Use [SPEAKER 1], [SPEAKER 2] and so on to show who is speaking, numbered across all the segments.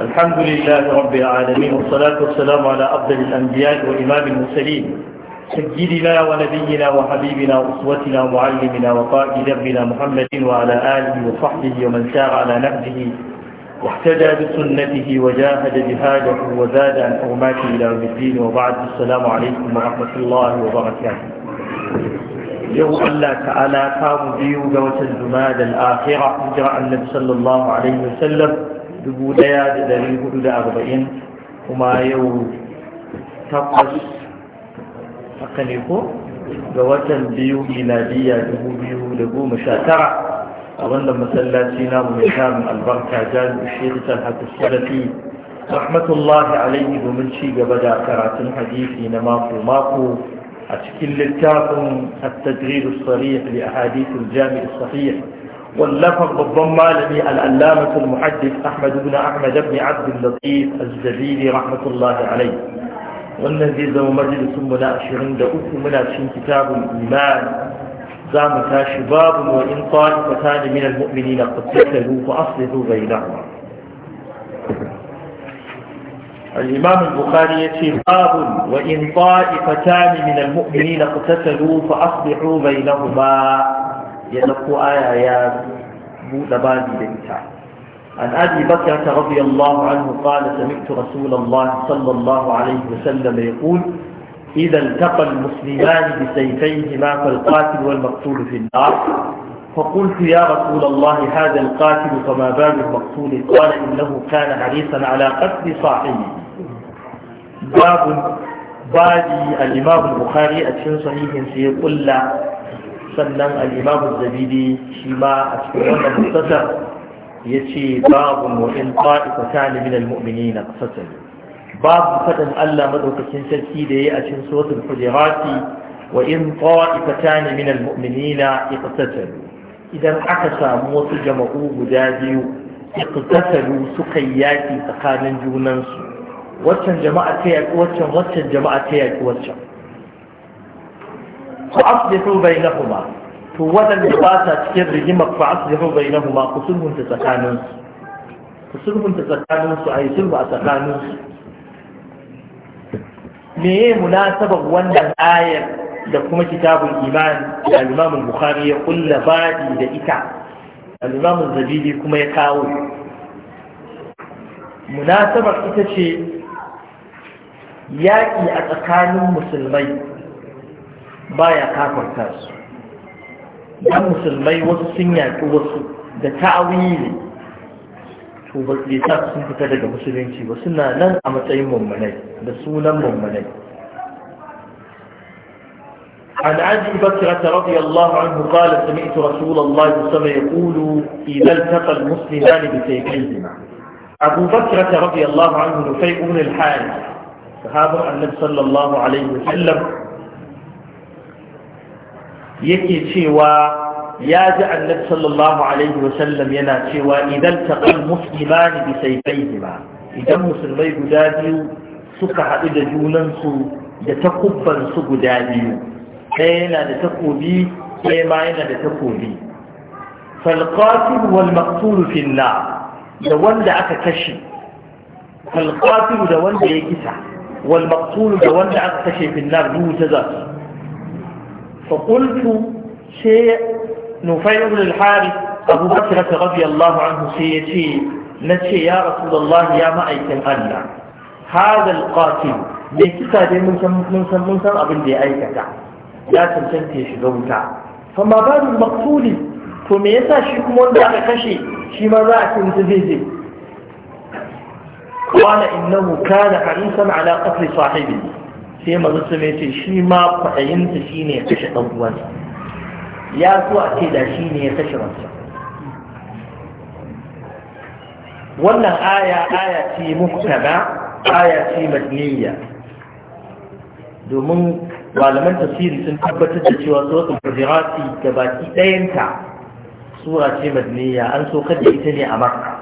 [SPEAKER 1] الحمد لله رب العالمين والصلاة والسلام على أفضل الأنبياء وإمام المرسلين سيدنا ونبينا وحبيبنا وأسوتنا ومعلمنا وقائد ربنا محمد وعلى آله وصحبه ومن سار على نهجه واحتجى بسنته وجاهد جهاده وزاد عن حرماته إلى يوم الدين وبعد السلام عليكم ورحمة الله وبركاته yau Allah ta'ala kamu biyu ga watan da al-akhira hijira annabi sallallahu alaihi wa sallam dubu daya da dari hudu da arba'in kuma yau takwas haka ne ko ga watan biyu miladiya dubu biyu da goma sha tara a wannan masallaci namu mai samun albarka jami'u shirin talhatu salafi rahmatullahi alaihi domin ci gaba da karatun hadisi na mako mako أشكل الكافر التجريد الصريح لأحاديث الجامع الصحيح واللفظ الضمى لبي الألامة المحدث أحمد بن أحمد بن عبد اللطيف الزبيدي رحمة الله عليه والذي ذو مجلس عند دعوه مناشر كتاب الإيمان زامتا شباب وإن طائفتان من المؤمنين قد تسلوا فأصلحوا بينهما الإمام البخاري يتي باب وإن طائفتان من المؤمنين اقتتلوا فأصلحوا بينهما يلقوا آية يا بودباني بنتا عن أبي بكرة رضي الله عنه قال سمعت رسول الله صلى الله عليه وسلم يقول إذا التقى المسلمان بسيفيهما فالقاتل والمقتول في النار فقلت يا رسول الله هذا القاتل فما بال المقتول قال إنه كان حريصا على قتل صاحبه Babu babi al-imam bukhari a cikin sahihin sa ya kulla sannan al-imam zabidi shi ma a cikin wannan mustasar yace babun wa in ta'ifatan min al na qasatan babu faɗin Allah madaukakin sarki da ya yi a cikin suratul hujurati wa in ta'ifatan min al na iqtatalu idan aka samu wasu jama'u guda biyu iqtatalu suka yaƙi tsakanin junansu waccan jama'a ta yaƙi waccan waccan jama'a ta yaƙi waccan ku na bainahuma to waɗanda ba sa cikin rigimar ku na bainahuma ku sulhunta tsakaninsu. ku sulhunta tsakaninsu, a yi sulhu a tsakaninsu. Me meye munasabar wannan ayar da kuma kitabun iman da al bukhari ya kulla baɗi da ita al-imam zabidi kuma ya kawo munasabar ita ce yaƙi a tsakanin musulmai baya kafarta su dan musulmai wasu sun yaƙi wasu da ta'awili to ba su sa sun fita daga musulunci ba suna nan a matsayin mummunai da sunan mummunai عن أبي بكرة رضي الله عنه قال سمعت رسول الله صلى الله عليه وسلم يقول إذا التقى المسلمان بسيفيهما أبو بكرة رضي الله عنه نفيء الحارث sahabin annabi sallallahu alaihi wasallam yake cewa ya ji annabi sallallahu alaihi wasallam yana cewa idan taqal muslimani bi sayfayhima idan musulmai guda biyu suka haɗu da junansu da takubban su guda biyu ɗaya yana da takobi ɗaya ma yana da takobi falqatil wal maqtul fi da wanda aka kashe falqatil da wanda ya kisa wal da wanda aka kashe fil nar duhu ta za fa qultu sai nufai ibn al-harith abu bakr radiyallahu anhu sai ya ce na ce ya rasulullahi ya ma'aikin Allah hadha al-qatil me kisa dai mun san mun san mun ya aikata ya cancanta ya shiga wuta fa ma to me yasa shi kuma wanda aka kashe shi ma za a ce mutum zai قال إنه كان حريصا على قتل صاحبه سيما رسميتي ya قعينت شيني يكشف أول يا سوأتي دا شيني يكشف wannan aya aya ce muktaba aya ce madniya domin malaman tafsiri sun tabbatar da cewa suratul fajirati gabaki ɗayanta sura ce madniya an so kada ita ne a makka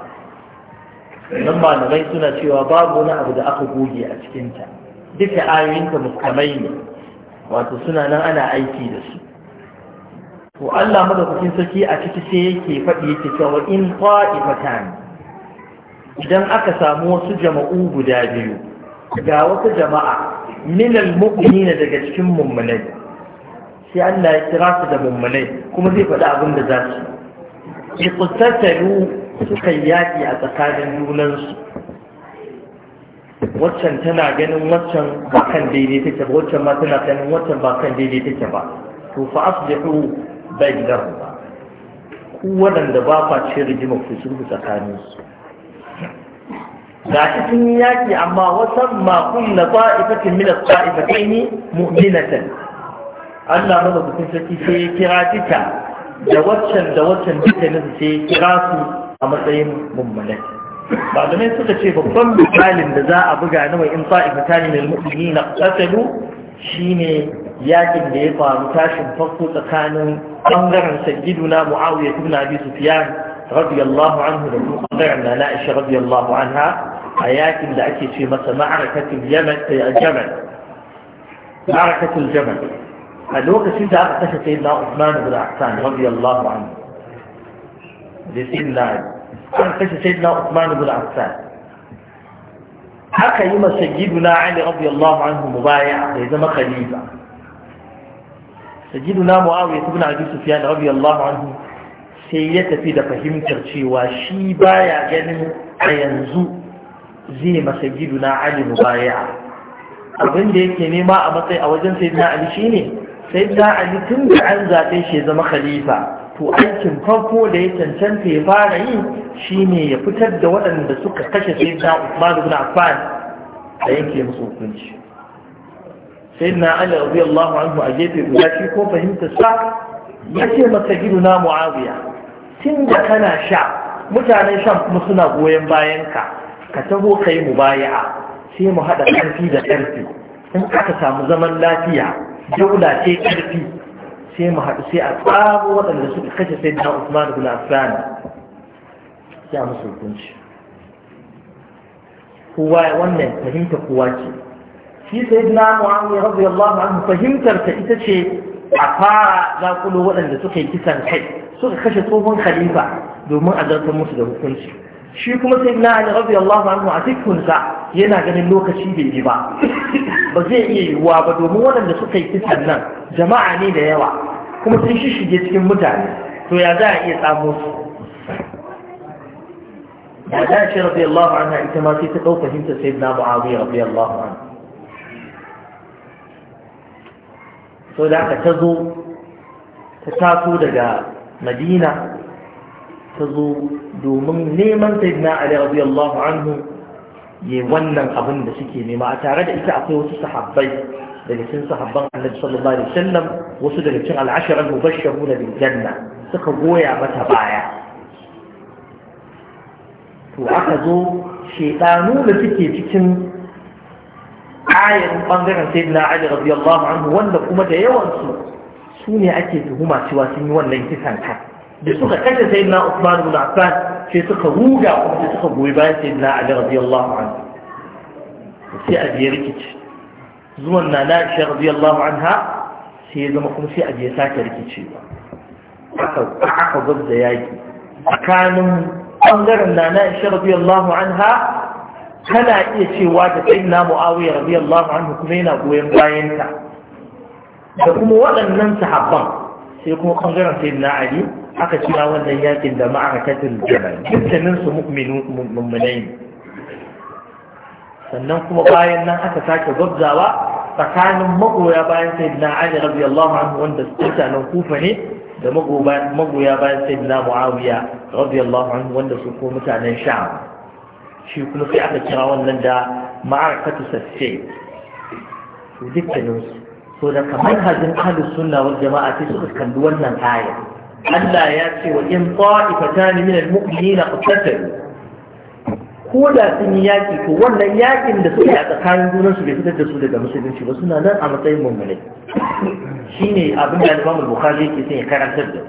[SPEAKER 1] nan malamai suna cewa babu wani abu da aka goge a cikinta duka ayoyinta muskamai ne wato suna nan ana aiki da su to Allah kukin sarki a ciki sai yake faɗi yake cewa in qa'ifatan idan aka samu wasu jama'u guda biyu ga wata jama'a minal al-mu'minina daga cikin mummunai sai Allah ya kira su da mummunai kuma zai faɗi abin da za su yi suka yi yaƙi a tsakanin junansu waccan tana ganin waccan ba kan daidai take ba waccan ma tana ganin waccan ba kan daidai take ba to fa asbihu bainahu ku waɗanda ba fa ce rigima ku sulhu tsakaninsu ga shi sun yaƙi amma wasan ma na ta'ifatin minas ta'ifatai ne mu'minatan Allah mana sarki sai ya kira duka da waccan da waccan duka nasu sai ya kira su a matsayin mummunai ba da mai suka ce babban misalin da za a buga na mai insa ifitani mai mu'mini na ƙasalu shine yakin da ya faru tashin farko tsakanin ɓangaren sayyiduna mu'awiyah ibn abi sufyan radiyallahu anhu da kuma ɓangaren nana aisha radiyallahu anha a yakin da ake ce masa ma'arakatul yaman eh, ma'arakatul a lokacin da aka kashe sayyidina usman ibn affan radiyallahu anhu da sayyidina an kashe sayyidina usman ibn affan haka yi masa sayyidina ali radiyallahu anhu mubaya da ya zama khalifa sayyidina muawiya ibn abi sufyan radiyallahu anhu sai ya tafi da fahimtar cewa shi baya ganin a yanzu zai masa giduna Ali mubaya abin da yake nema a matsayi a wajen sayyidina Ali shine sayyidina Ali tun da an zaɓe shi zama khalifa to aikin farko da ya cancanta ya fara yi ne ya fitar da waɗanda suka kashe sai sayyidina Usman ibn Affan da yake musu hukunci Sai na Ali radiyallahu anhu a gefe guda shi ko fahimta sa yace masa na Muawiya tun da kana sha mutanen shan kuma suna goyon bayan ka ka taho ka yi mubaya'a sai mu haɗa ƙarfi da ƙarfi in aka samu zaman lafiya daula ce ƙarfi sai mu haɗu sai a tsaro waɗanda suka kashe sai da Usman ibn Affan sai a musu hukunci kowa wannan fahimta kowa ce shi sai na Muawiya radiyallahu anhu fahimtar ta ita ce a fara zakulo waɗanda suka yi kisan kai suka kashe tsohon khalifa domin a zartar musu da hukunci shi kuma sai na ali radiyallahu anhu a cikinsa yana ganin lokaci bai yi ba ba zai iya yiwuwa ba domin waɗanda suka yi kisan nan jama'a ne da yawa kuma sun shige cikin mutane to ya za a iya tsamo su ya za a ce radiyallahu anha ita ma sai ta ɗau fahimta sai na mu'awiyya radiyallahu anhu so da aka ta zo ta taso daga madina ta zo domin neman sayyidina ali radiyallahu anhu yi wannan abin da suke nema a tare da ita akwai wasu sahabbai daga cikin sahabban annabi sallallahu alaihi wasallam wasu daga cikin al'ashara al-mubashsharuna janna suka goya mata baya to aka zo shedanu da suke cikin ayin bangaren sayyidina ali radiyallahu anhu wanda kuma da yawan su su ne ake tuhuma cewa sun yi wannan kisan kai da suka kashe sayyidina Usman ibn Affan sai suka ruga kuma sai suka goyi bayan sayyidina Ali radiyallahu anhu sai a biye rikici zuwan na Aisha radiyallahu anha sai ya zama kuma sai a biye sake rikicewa aka aka gwabza yaki tsakanin bangaren na Aisha radiyallahu anha tana iya cewa da sayyidina Muawiya radiyallahu anhu kuma yana goyon bayanta da kuma waɗannan sahabban sai kuma ɓangaren sai na ali aka kira wannan yakin da ma'arakatul jamal dukkanin su mummunai ne sannan kuma bayan nan aka sake gwabzawa tsakanin magoya bayan sai na ali radiyallahu anhu wanda su mutanen kufa ne da magoya bayan sai na muawiya radiyallahu anhu wanda su ko mutanen sham shi kuma sai aka kira wannan da ma'arakatu sassai dukkaninsu so da kamar hajjin ahlus sunna wal jama'a sai suka kalli wannan aya Allah ya ce wa in ta'ifatan min al-mu'minina qatatalu ko da sun yi yaki to wannan yaƙin da suke a tsakanin junan su bai fitar da su daga musulunci ba suna nan a matsayin Shi ne abin da Imam Bukhari yake son ya karantar da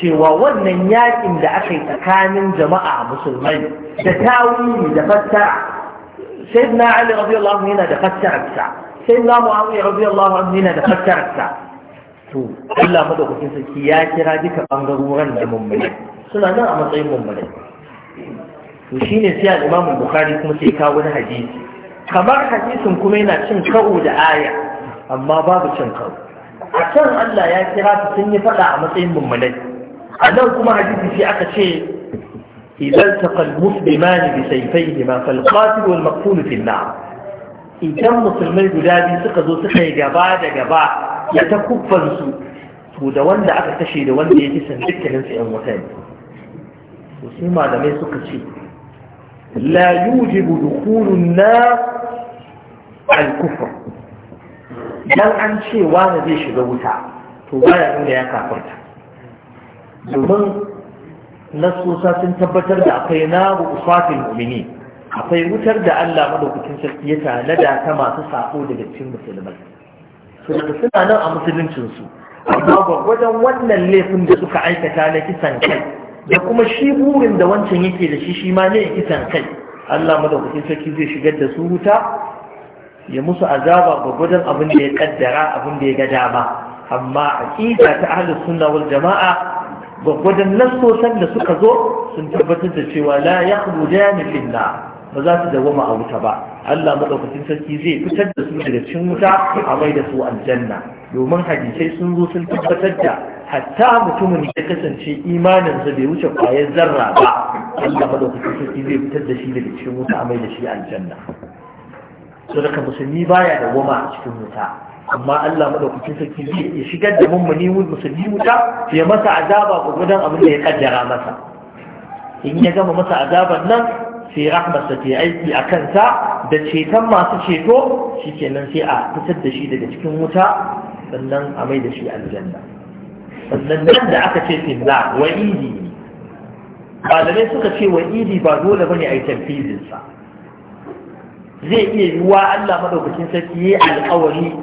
[SPEAKER 1] cewa wannan yaƙin da aka yi tsakanin jama'a musulmai da tawili da fassara sayyidina Ali radiyallahu anhu yana da fassara bisa sai za mu amu ya rabi Allah wani yana da fassararsa to Allah madaukakin sarki ya kira duka bangarorin da mummune suna nan a matsayin mummune to ne sai al-Imam Bukhari kuma sai kawo wani hadisi kamar hadisin kuma yana cin karo da aya amma babu cin karo a can Allah ya kira su sun yi fada a matsayin mummune a nan kuma hadisi sai aka ce idan taqal muslimani bi sayfayhima fal qatil wal maqtul fi an-nar idan musulmai guda biyu suka zo suka yi gaba da gaba ya ta kubbansu to da wanda aka kashe da wanda ya kisan dukkanin su 'yan wata ne to sai malamai suka ce la yujibu dukhulun na al dan an ce wani zai shiga wuta to baya nuna ya kafarta domin nasusa sun tabbatar da akwai naru ufafin mumini akwai wutar da Allah madaukakin sarki ya tanada ta masu sako daga cikin musulmai su da suna nan a musuluncinsu amma gwagwajen wannan laifin da suka aikata na kisan kai da kuma shi burin da wancan yake da shi shi ma ne kisan kai Allah madaukakin sarki zai shigar da su wuta ya musu azaba gwagwajen abin da ya kaddara abin da ya ga dama amma aqida ta ahlus sunna wal jama'a gwagwajen nassosan da suka zo sun tabbatar da cewa la yakhrujan fil nar ba za su dawama a wuta ba Allah madaukakin sarki zai fitar da su daga cikin wuta a mai da su aljanna domin hadisai sun zo sun tabbatar da hatta mutumin ya kasance imaninsa bai wuce kwayar zarra ba Allah madaukakin sarki zai fitar da shi daga cikin wuta a mai da shi aljanna sadaka musulmi baya da dawama a cikin wuta amma Allah madaukakin sarki zai iya shigar da mummuni musulmi wuta ya masa azaba gurgudan abin da ya kaddara masa in ya gama masa azaban nan sai rahmarsa ta aiki a kansa da ceton masu ceto shi kenan sai a fitar da shi daga cikin wuta sannan a mai da shi aljanna sannan nan da aka ce finna wa'idi malamai suka ce wa'idi ba dole ba ne a yi tamfizinsa zai iya yiwuwa Allah madaukakin sarki ya yi alkawari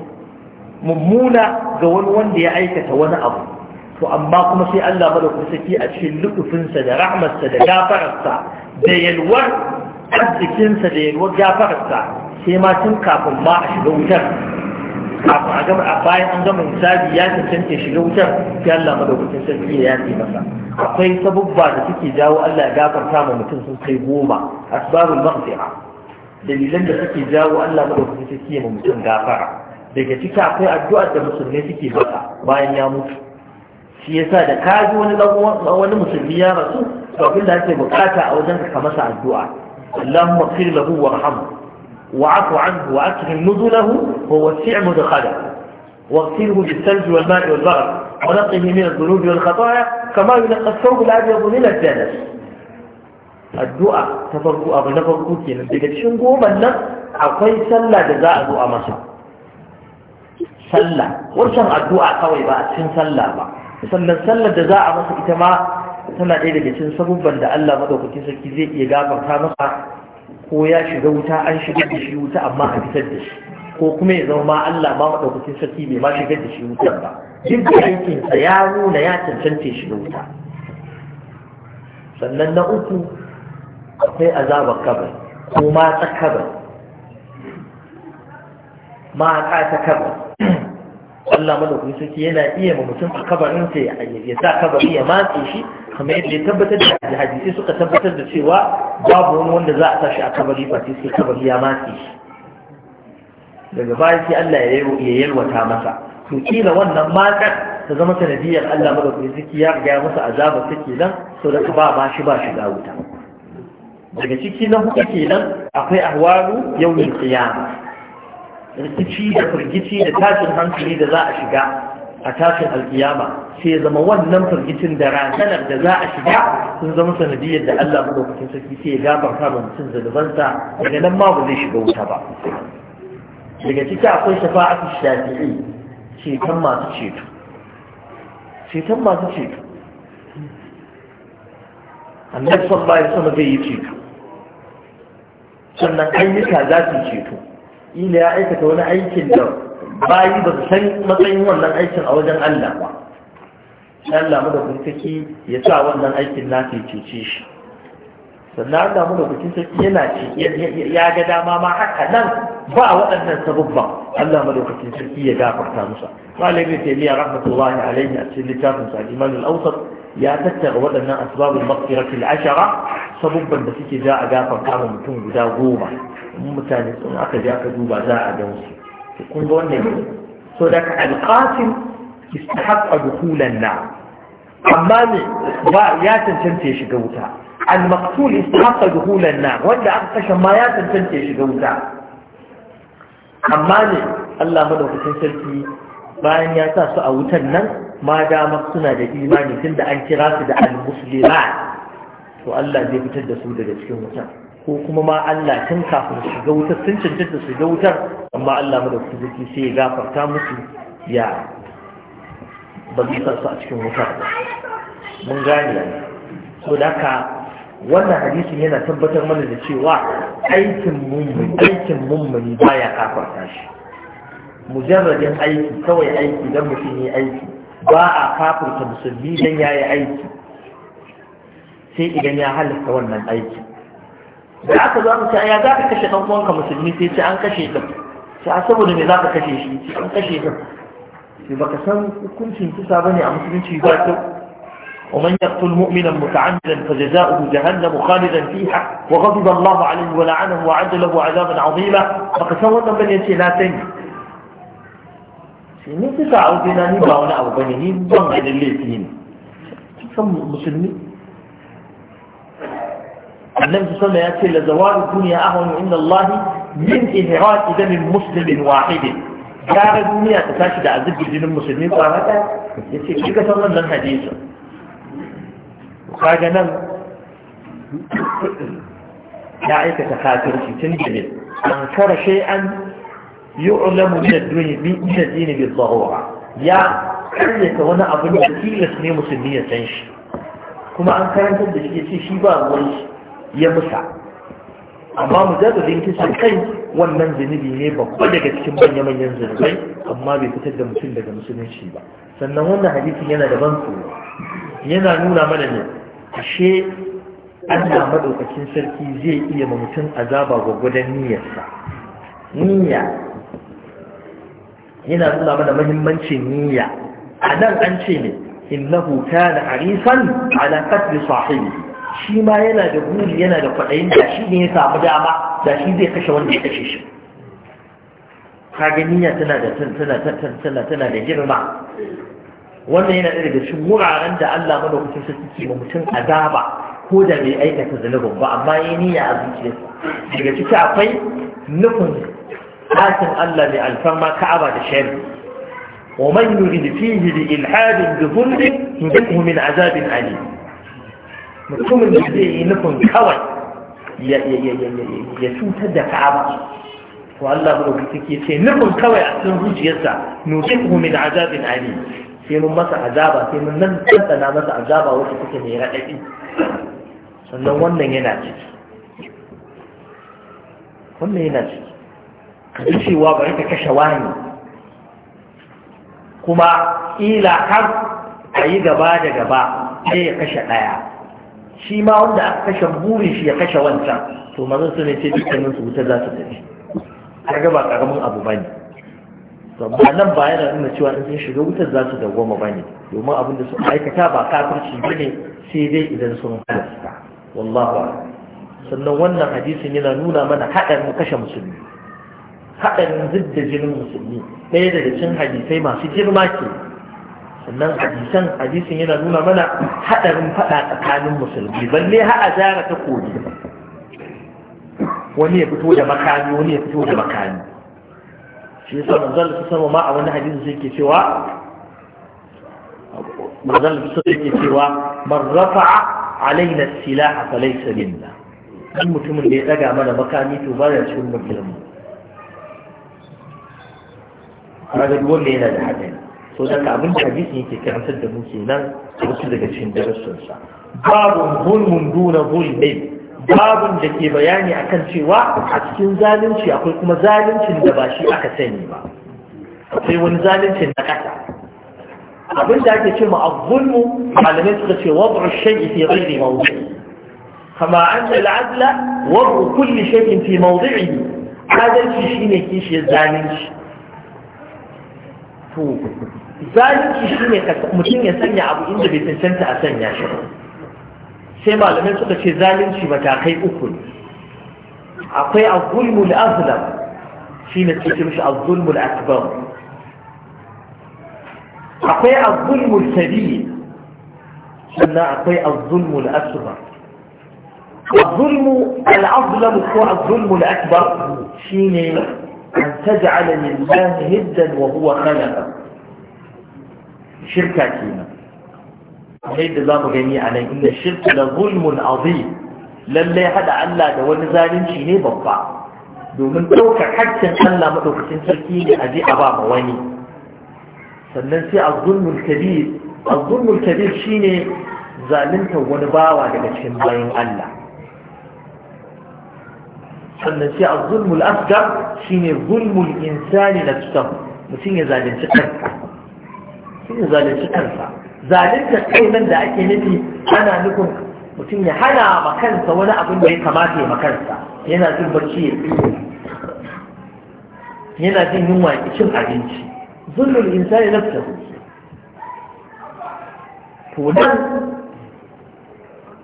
[SPEAKER 1] mummuna ga wani wanda ya aikata wani abu to amma kuma sai Allah madaukakin saki a cikin lukufinsa da rahmarsa da gafararsa da yalwar arzikinsa da yalwar gafararsa sai ma tun kafin ma a shiga wutar kafin a gama bayan an gama misali ya cancanta shiga wutar sai Allah madaukakin sarki ya yafe masa akwai sabubba da suke jawo Allah ya gafarta ma mutum sun kai goma asbabul maghfira dalilan da suke jawo Allah madaukakin sarki ya ma mutum gafara daga ciki akwai addu'ar da musulmai suke masa bayan ya mutu shi da ka ji wani wani musulmi ya rasu to abin da ake bukata a wajen ka masa addu'a Allahumma ighfir lahu warhamhu wa'fu anhu wa'akrim nuzulahu wa wasi' mudkhalahu واغسله بالثلج والماء والبرد ونقه من الذنوب والخطايا كما ينقى الثوب الابيض Addu'a الدنس الدعاء تفرقوا ابو نفرقوا كينا daga cikin goman nan akwai sallah da za a zo a masa sallah wancan addu'a kawai ba a cikin sallah ba sannan sallar da za a masa ita ma tana ɗaya daga cikin sabubban da Allah madaukakin sarki zai iya gafarta masa ko ya shiga wuta an shigar da shi wuta amma a fitar da shi ko kuma ya zama ma Allah ma madaukakin sarki bai ma shigar da shi wuta. ba duk da aikin sa ya nuna ya cancanta shiga wuta sannan na uku akwai azabar kabar ko ma ta kabar ma ta kabar Allah madaukakin sarki yana iya ma mutum a kabarin sa ya sa kabari ya matse shi kamar yadda ya tabbatar da hadisi suka tabbatar da cewa babu wani wanda za a sa shi a kabari ba sai sai kabari ya matse shi daga baya sai Allah ya yalwata masa to kila wannan matsar ta zama sanadiyar Allah madaukakin sarki ya riga masa azaba take nan so da ba ba shi ba shi wuta daga ciki na hudu kenan akwai ahwalu yawmin qiyamah rikici da firgici da tashin hankali da za a shiga a tashin alkiyama sai zama wannan firgicin da ranar da za a shiga sun zama sanadiyar da Allah madaukakin sarki sai ya gafarta kama mutum zanubansa daga nan ma ba zai shiga wuta ba daga ciki akwai shafa'atu shafi'i ceton masu ceto ceton masu ceto annabi sallallahu alaihi wasallam zai yi ceto sannan ayyuka za su ceto ila ya aikata wani aikin da bayi ba su san matsayin wannan aikin a wajen Allah ba Allah mu da kuntaki ya sa wannan aikin na ke cece shi sannan Allah mu da kuntaki yana ci ya ga dama ma haka nan ba waɗannan sabubban Allah mu da kuntaki ya gafarta musu malamin taimiyya rahmatullahi alaihi a cikin littafin sa al-iman al-awsat ya tattara waɗannan asbabul maghfirati al-ashara sabubban da suke ja a gafarta mutum guda goma mutane sun aka je aka duba za a gan su kun ga wannan so da ka alqasim istahaqqa dukhulan na amma ne ba ya cancanta ya shiga wuta al-maqtul istahaqqa dukhulan na wanda aka kashe ma ya cancanta ya shiga wuta amma ne Allah madaukakin sarki bayan ya sa su a wutan nan ma dama suna da imani tunda an kira su da al-muslimat to Allah zai fitar da su daga cikin wutan ko kuma ma Allah tun kafin su shiga wutar sun cancanta su shiga wutar amma Allah mu da su sai ya gafarta musu ya ba zai a cikin wutar ba mun gane ne so da haka wannan hadisin yana tabbatar mana da cewa aikin mummuni aikin mummuni baya kafarta shi mujarradin aiki kawai aiki don mutum yi aiki ba a kafirta musulmi don ya yi aiki sai idan ya halitta wannan aiki da aka zo mutum ya za ka kashe ɗan musulmi sai ce an kashe ka sai a saboda me za ka kashe shi an kashe ka sai baka san hukuncin kisa bane a musulunci ba ta ومن يقتل مؤمنا متعمدا فجزاؤه جهنم خالدا فيها وغضب الله عليه ولعنه وعد له عذابا عظيما فقسوة بل ينشي لا تنجي سيني تسعى وزناني باونا أو بنيين بمعن الليتين كم مسلمين النبي صلى الله عليه وسلم لزوال الدنيا أهون عند الله من إنهار دم مسلم واحد كان الدنيا تتاشد عزب الدين المسلمين فهذا يتكلم صلى الله عليه الحديث وقال نم يا عيك تخاتر في تنجمل أنكر شيئا يعلم من الدنيا من الدين بالضرورة يا كلك وانا أظن كثير اسمي مسلمية تنشي كما أنكر بشيء شيء بعض ya musa amma mujarradin kisan kai wannan zunubi ne ba kuma daga cikin manya-manyan zunubai amma bai fitar da mutum daga musulunci ba sannan wannan hadisin yana da ban tsoro yana nuna mana ne ashe Allah madaukakin sarki zai iya ma mutum azaba gwagwadon niyyarsa niyya yana nuna mana mahimmancin niyya a nan an ce ne innahu kana arisan ala qatl sahibi shi ma yana da buri yana da kwaɗayin da shi ne ya samu dama da shi zai kashe wanda ya kashe shi kaga niyya tana da tana tana tana da girma wannan yana da daga cikin wuraren da Allah madaukakin sarki ke ma mutum azaba ko da bai aikata zunubin ba amma ya niyya a zuciyarsa daga ciki akwai nufin ɗakin Allah mai alfarma ka'aba da shari'a ومن يرد فيه بإلحاد بظلم نذقه من عذاب أليم mutumin da zai yi nufin kawai ya cutar da ka'aba to Allah ba ku take ce nufin kawai a cikin zuciyarsa nuqihu min azabin ali sai mun masa azaba sai mun nan tantana masa azaba wacce take mai raɗaɗi sannan wannan yana ciki wannan yana ciki ka ji cewa bari ka kashe wani kuma ila har a yi gaba da gaba sai ya kashe ɗaya shi ma wanda aka kashe burin shi ya kashe wancan to mazan su ne ce dukkanin su wuta za su tafi ga ba karamin abu bane to ba nan ba yana nuna cewa in sun shiga wuta za su dawwama bane domin abin da suka aikata ba kafirci bane sai dai idan sun halasta wallahu a'lam sannan wannan hadisin yana nuna mana haɗarin kashe musulmi haɗarin zidda jinin musulmi ɗaya daga cikin hadisai masu girma ke sannan hadisan hadisin yana nuna mana hadarin faɗa tsakanin musulmi balle har a zara ta koyi wani ya fito da makami wani ya fito da makami shi yasa manzon da sama ma a wani hadisi sai ke cewa manzon da sama yake cewa man rafa'a alaina silaha falaysa minna dan mutumin da ya daga mana makami to ba ya cikin musulmi kaga duk wanda yana da hadari to daga abin da hadisi yake karantar da mu kenan wasu daga cikin darasinsa babu zulmun duna zulmin babun da ke bayani akan cewa a cikin zalunci akwai kuma zaluncin da ba shi aka sani ba akwai wani zaluncin na kasa abin da ake ce ma azzulmu malamai suka ce wad'u shay'i fi ghairi mawdi'i kama anna al-adla wad'u kulli shay'in fi mawdi'ihi adalci shine kishiyar zalunci zalunci shi ne mutum ya sanya abu inda bai cancanta a sanya shi sai malamai suka ce zalunci matakai uku ne akwai al-zulmul azlam shi ne cikin mishi al-zulmul akbar akwai al-zulmul kabir sannan akwai al-zulmul asghar الظلم الأظلم هو الظلم الأكبر شيني أن تجعل لله هدا وهو خلقك shirka kenan yadda za mu gani a nan inda shirka da zulmun azim lallai hada Allah da wani zalunci ne babba domin ɗaukar haƙƙin Allah maɗaukacin sarki ne a je a ba ma wani sannan sai a zulmul kabir a zulmul kabir shine zaluntar wani bawa daga cikin bayan Allah sannan sai a zulmul asgar shine zulmul insani na mutum ya zalunci kanka sai ya zalunci kansa zaluntar kainan da ake nufi ana nufin mutum ya hana ma kansa wani abin da ya kamata ya ma yana jin barci ya tsiye yana jin yunwa ya cin abinci zulmul insani nafsahu to nan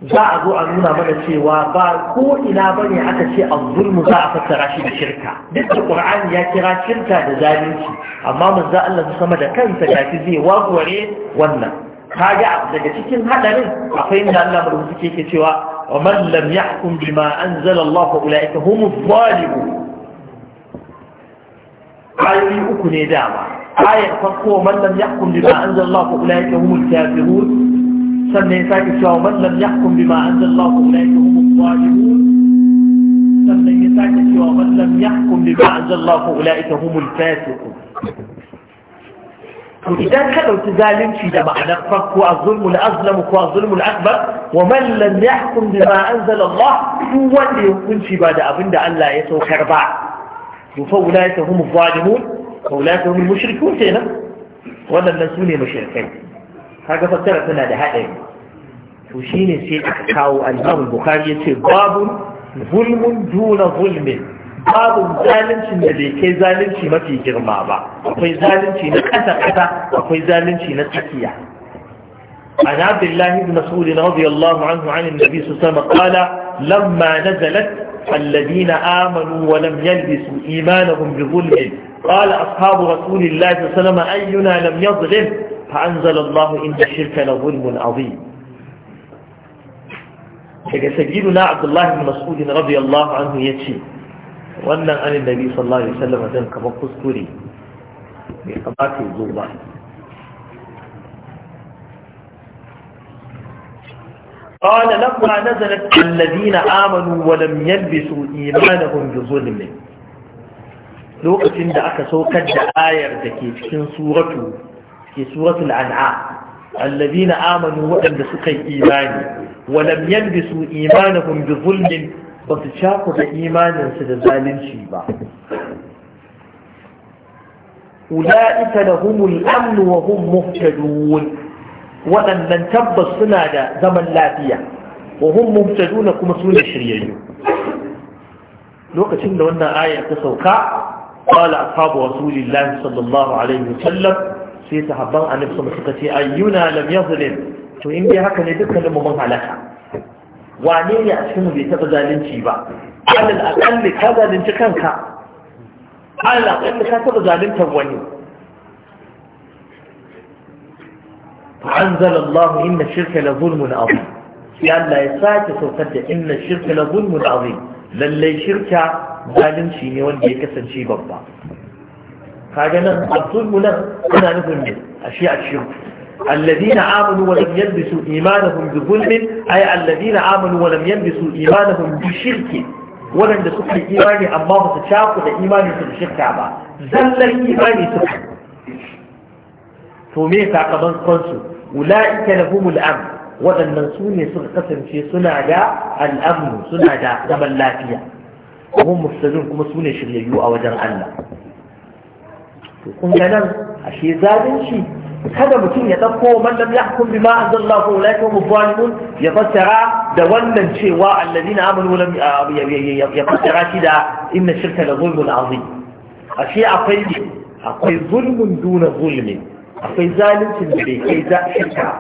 [SPEAKER 1] za a zo a nuna mana cewa ba ko ina bane aka ce zulmu za a fassara shi da shirka duk da qur'ani ya kira shirka da zalunci amma manzo Allah sama da kansa gafi zai wagware wannan kaga daga cikin hadarin akwai inda Allah madaukake yake cewa wa man lam yahkum bima anzala Allah fa ulaika humuz zalimun ayoyi uku ne dama ayar farko man lam yahkum bima anzala Allah fa ulaika humul kafirun sannan ya sake cewa man lam yahkum bima anzalallahu ulaika humuz zalimun sannan ya sake cewa man lam yahkum bima anzalallahu ulaika humul fasiqun to idan ka dauki zalunci da ma'anar farko az-zulmul azlamu ko az-zulmul akbar wa man lam yahkum bima anzalallahu duk wanda ya hukunci ba da abin da Allah ya saukar ba to fa ulaika humuz zalimun fa ulaika humul mushrikun kenan wannan su ne mushrikai kaga fassara tana da haɗari to shine sai aka kawo al-Imam Bukhari yace babu zulmun duna zulmin babu zaluncin da bai kai zalunci mafi girma ba akwai zalunci na kasa kasa akwai zalunci na tsakiya عن عبد الله بن مسعود رضي الله عنه عن النبي صلى الله عليه وسلم قال لما نزلت الذين آمنوا ولم يلبسوا إيمانهم بظلم قال أصحاب رسول الله صلى الله عليه وسلم أينا لم يظلم فأنزل الله إن الشرك لظلم عظيم سيدنا عبد الله بن مسعود رضي الله عنه يتشي وأن عن النبي صلى الله عليه وسلم ذلك مقصوري بقضاء الظلم قال لما نزلت الذين آمنوا ولم يلبسوا إيمانهم بظلم lokacin da aka saukar da ayar da ke cikin suratu ke suratul an'a allazina amanu waɗanda suka yi imani wa lam yalbisu imanahum bi zulmin ba su shaku da da zalunci ba ulaika lahumul amn wa hum waɗannan tabbas suna da zaman lafiya wa hum mubtaduna kuma su ne shiryayyu lokacin da wannan ayar ta sauka qala ashabu rasulillahi sallallahu alaihi wasallam sai sahabban annabi sama suka ce ayyuna lam yazlim to in dai haka ne dukkanin mu mun halaka wane ne a cikin bai taba zalunci ba alal aqalli ka zalunci kanka alal aqalli ka taba zaluntar wani anzalallahu inna shirka la zulmun azim sai Allah ya sake saukar da inna shirka la zulmun azim lalle shirka zalunci ne wanda ya kasance babba kaga nan zulmu nan ana nufin ne a shi a shirku الذين آمنوا ولم يلبسوا إيمانهم بظلم أي الذين آمنوا ولم يلبسوا إيمانهم بشرك waɗanda suka yi imani amma ba su shaku da imani su shirka ba zallar imani ula'ika lahumul amn waɗannan su ne suka kasance suna da al'amnu suna da zaman lafiya kuma musulun kuma su ne shiryayyu a wajen Allah to kun ga nan ashe zalunci kada mutum ya ɗauko man lam yahkum bima anzalla fa ulaika hum zalimun ya fassara da wannan cewa alladina amanu lam ya fassara shi da inna shirka la zulmun azim ashe akwai akwai zulmun duna zulmin akwai zaluncin da bai kai za shirka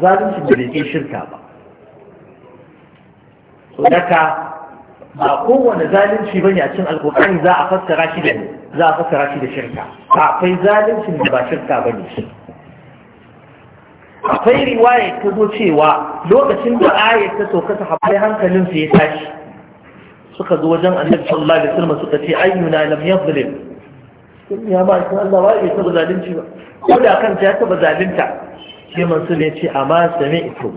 [SPEAKER 1] zaluncin da bai kai shirka ba so daga ba kowane zalunci ba ne a cin alkur'ani za a fassara shi da za a fassara shi da shirka akwai zaluncin da ba shirka ba ne shi akwai riwaya ta zo cewa lokacin da ayat ta sauka sahabbai hankalin su ya tashi suka zo wajen annabi sallallahu alaihi wasallam suka ce ayyuna lam yadhlim sun ya ba shi Allah ba ya taɓa zalunci ba ko da kanta ya taɓa zalunta sai mansur ya ce amma sami'tu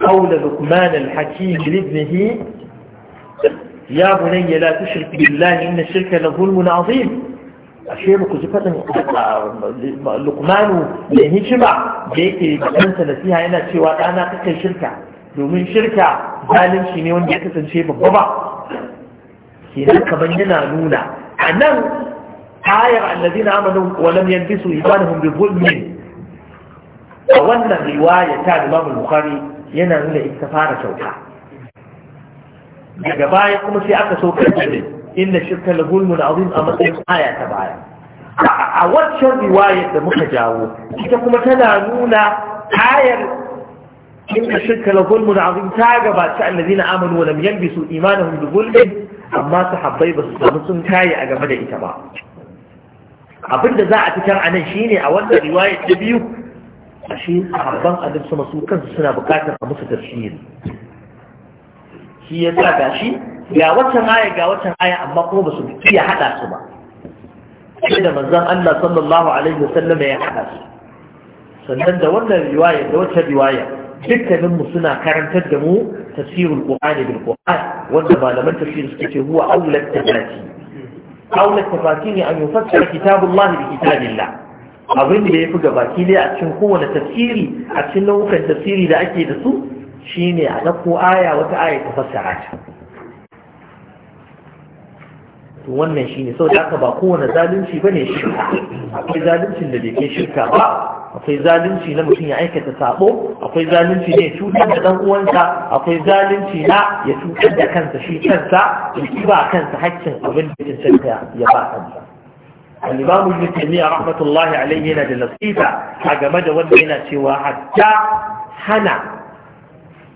[SPEAKER 1] qawla luqman al-hakim li ibnihi ya bunayya la tushrik billahi inna shirka la zulmun azim ashe ba ku ji fadin luqmanu da hikima da yake ɗansa nasiha yana cewa 'Dana kakai shirka domin shirka zalunci ne wanda ya kasance babba ba kenan kamar yana nuna a nan ayar allazina amanu walam lam yalbisu imanahum bi zulmin a wannan riwaya ta Imam Bukhari yana nuna ita fara kyauta daga baya kuma sai aka so kai inna shirka la zulmun azim a matsayin aya ta baya a waccan riwayar da muka jawo ita kuma tana nuna ayar إن الشرك لظلم عظيم تاجب أتساء الذين Amma ولم يلبسوا إيمانهم samu sun تحبي a لمسن da ita ba. abin da za a fitar a nan shine a wanda riwaya ta biyu a shi sahabban abin sama su kansu suna bukatar a musu tafsiri shi ya sa ga shi ga waccan aya ga waccan aya amma kuma ba su iya haɗa su ba sai da manzon Allah sallallahu alaihi wasallam ya haɗa su sannan da wannan riwaya da wata riwaya dukkanin mu suna karantar da mu tafsirul qur'ani bil qur'an wanda malaman tafsir suke ce huwa awlat tafsir aula tafasiri an yufassara kitabullahi bi kitabillah abin da yafi gabaki dai a cikin kowane tafsiri a cikin nau'ukan tafsiri da ake da su shine a dauko aya wata aya ta fassara to wannan shine saboda haka ba kowane zalunci bane shirka akwai zaluncin da bai kai shirka ba akwai zalunci na mutum ya aikata sabo akwai zalunci ne cutar da dan uwansa akwai zalunci na ya cutar da kansa shi kansa ya ba kansa haƙƙin abin da ya cancanta ya ba kansa al-imam ibn taymiyyah rahmatullahi alayhi yana da nasiha a game da wanda yana cewa hatta hana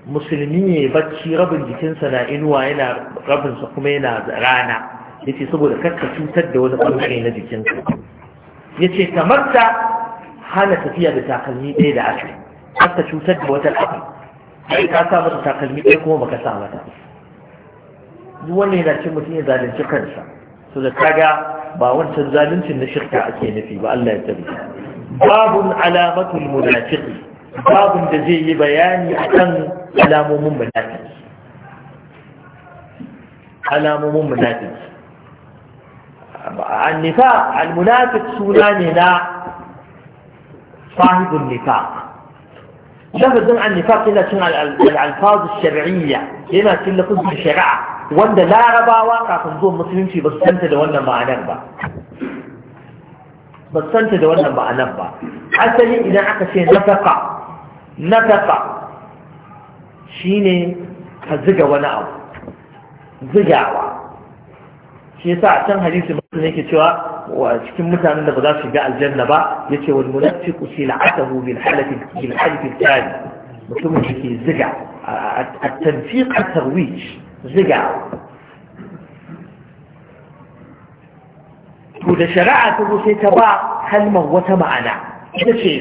[SPEAKER 1] musulmi ne barci rabin jikinsa na inuwa yana rabinsa kuma yana rana ce saboda kakka cutar da wani bangare na jikinka Ya ce kamar ta hana tafiya da takalmi ɗaya da aka har cutar da wata kafa sai ka sa mata takalmi ɗaya kuma baka sa mata duk wannan yana cin mutum ya zalunci kansa to da kaga ba wancan zaluncin na shirka ake nufi ba Allah ya tsare babun alamatul munafiqi babun da zai yi bayani akan alamomin munafiki alamomin munafiki النفاق المنافق سونان لا صاحب النفاق الدم عن النفاق كلها سنة الألفاظ الشرعية كلها كلها كلها شرع وانت لا ربا واقع تنظوم مسلم في بس أنت ده انا ما أنبا بس أنت ده انا ما أنبا أسلي إذا عكس نفقة نفقة شيني هزقة ونأو زقعوا shi yasa a can hadisi mutum yake cewa wa cikin mutanen da ba za su shiga aljanna ba yace wal munafiqu sil'atuhu bil halafi bil halafi tali mutumin da ke ziga at-tanfiq at-tarwij ziga to da shari'a ta zo sai ta ba kalmar wata ma'ana ita ce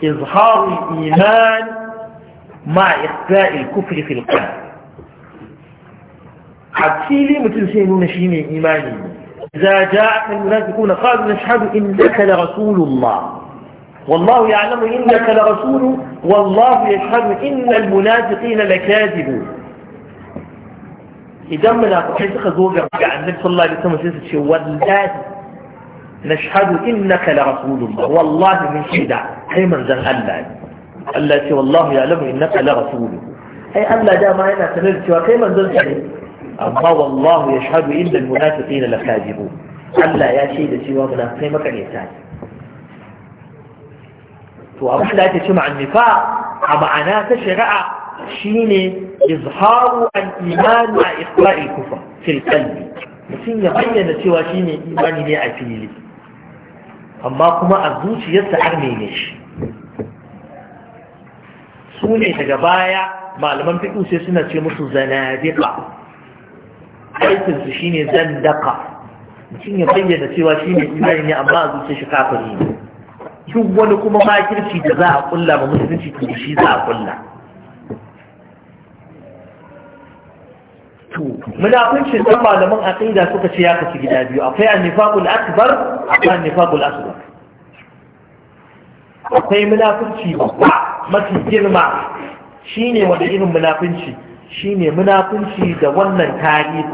[SPEAKER 1] izharul iman ma ikhfa'il kufri fil qalb a fili mutum sai nuna shi ne imani za ja aka munafiquna qalu nashhadu innaka la والله يعلم إنك لرسول والله يشهد إن المنافقين لكاذبون إذا منافقين تخذوا برجع النبي صلى الله عليه وسلم سيسة والله نشهد إنك لرسول الله والله من شدع أي من ذن الله التي والله يعلم إنك لرسول أي أن لا دام أنا تنزل وكيما ذن amma wallahu ya shahadu inda almunafiqina lakabiru. Allah ya ce da cewa munafikai makareta ne to abin da ake ce ma'an nifa a ma'ana ta shari'a shine izharu al iman a iqra'i kufa fil qalbi mutum ya bayyana cewa shine imani ne a fili amma kuma a zuciyarsa har ne shi su ne daga baya malaman fiƙi sai suna ce musu zanadiqa aikin su shine zandaka mutum ya bayyana cewa shine imani ne amma a zuciyar shi kafiri ne duk wani kuma makirci da za a kulla ba musulunci to shi za a kulla to munafincin dan malaman aqida suka ce ya kasu gida biyu akwai an-nifaqul akbar akwai an-nifaqul asghar akwai munafinci babba mafi girma shine wanda irin munafinci Shi ne munafunci da wannan tarihi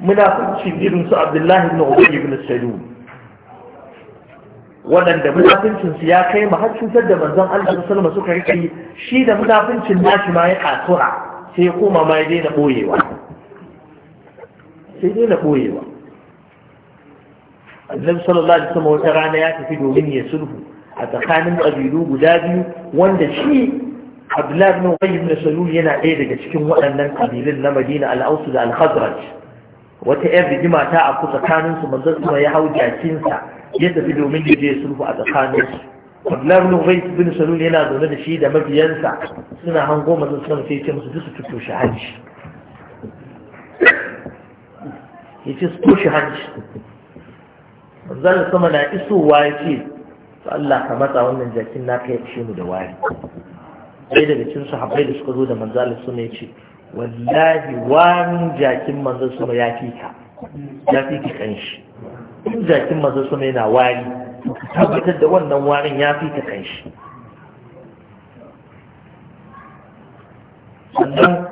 [SPEAKER 1] munafunci irin su abdullahi ibn ubay ibn salul waɗanda munafuncinsu ya kai mu har cutar da manzon Allah sallama suka rike shi da munafuncin nashi ma ya kasura sai ya koma ma ya daina boyewa sai daina boyewa annabi sallallahu alaihi wasallam wata rana ya tafi domin ya sulhu a tsakanin ƙabilu guda biyu wanda shi abdullahi ibn ubay ibn salul yana ɗaya daga cikin waɗannan ƙabilun na madina al-aus da al-khazraj wata ƴar rigima ta afku tsakanin su manzon kuma ya hau jakinsa ya tafi domin ya je sulhu a tsakanin su abdullahi ibn ubay ibn salul yana zaune da shi da mabiyansa suna hango manzon sama sai ya ce musu su tutto shi hanci ya ce su toshe hanci manzon sama na isowa ya ce Allah ka matsa wannan jakin na kai ya mu da wari ɗaya daga cikin sahabbai da suka zo da manzo Allah sun ce wallahi wani jakin manzo sama ya fi ka ya fi ka kanshi in jakin manzo sama yana wari tabbatar da wannan warin ya fi ka kanshi sannan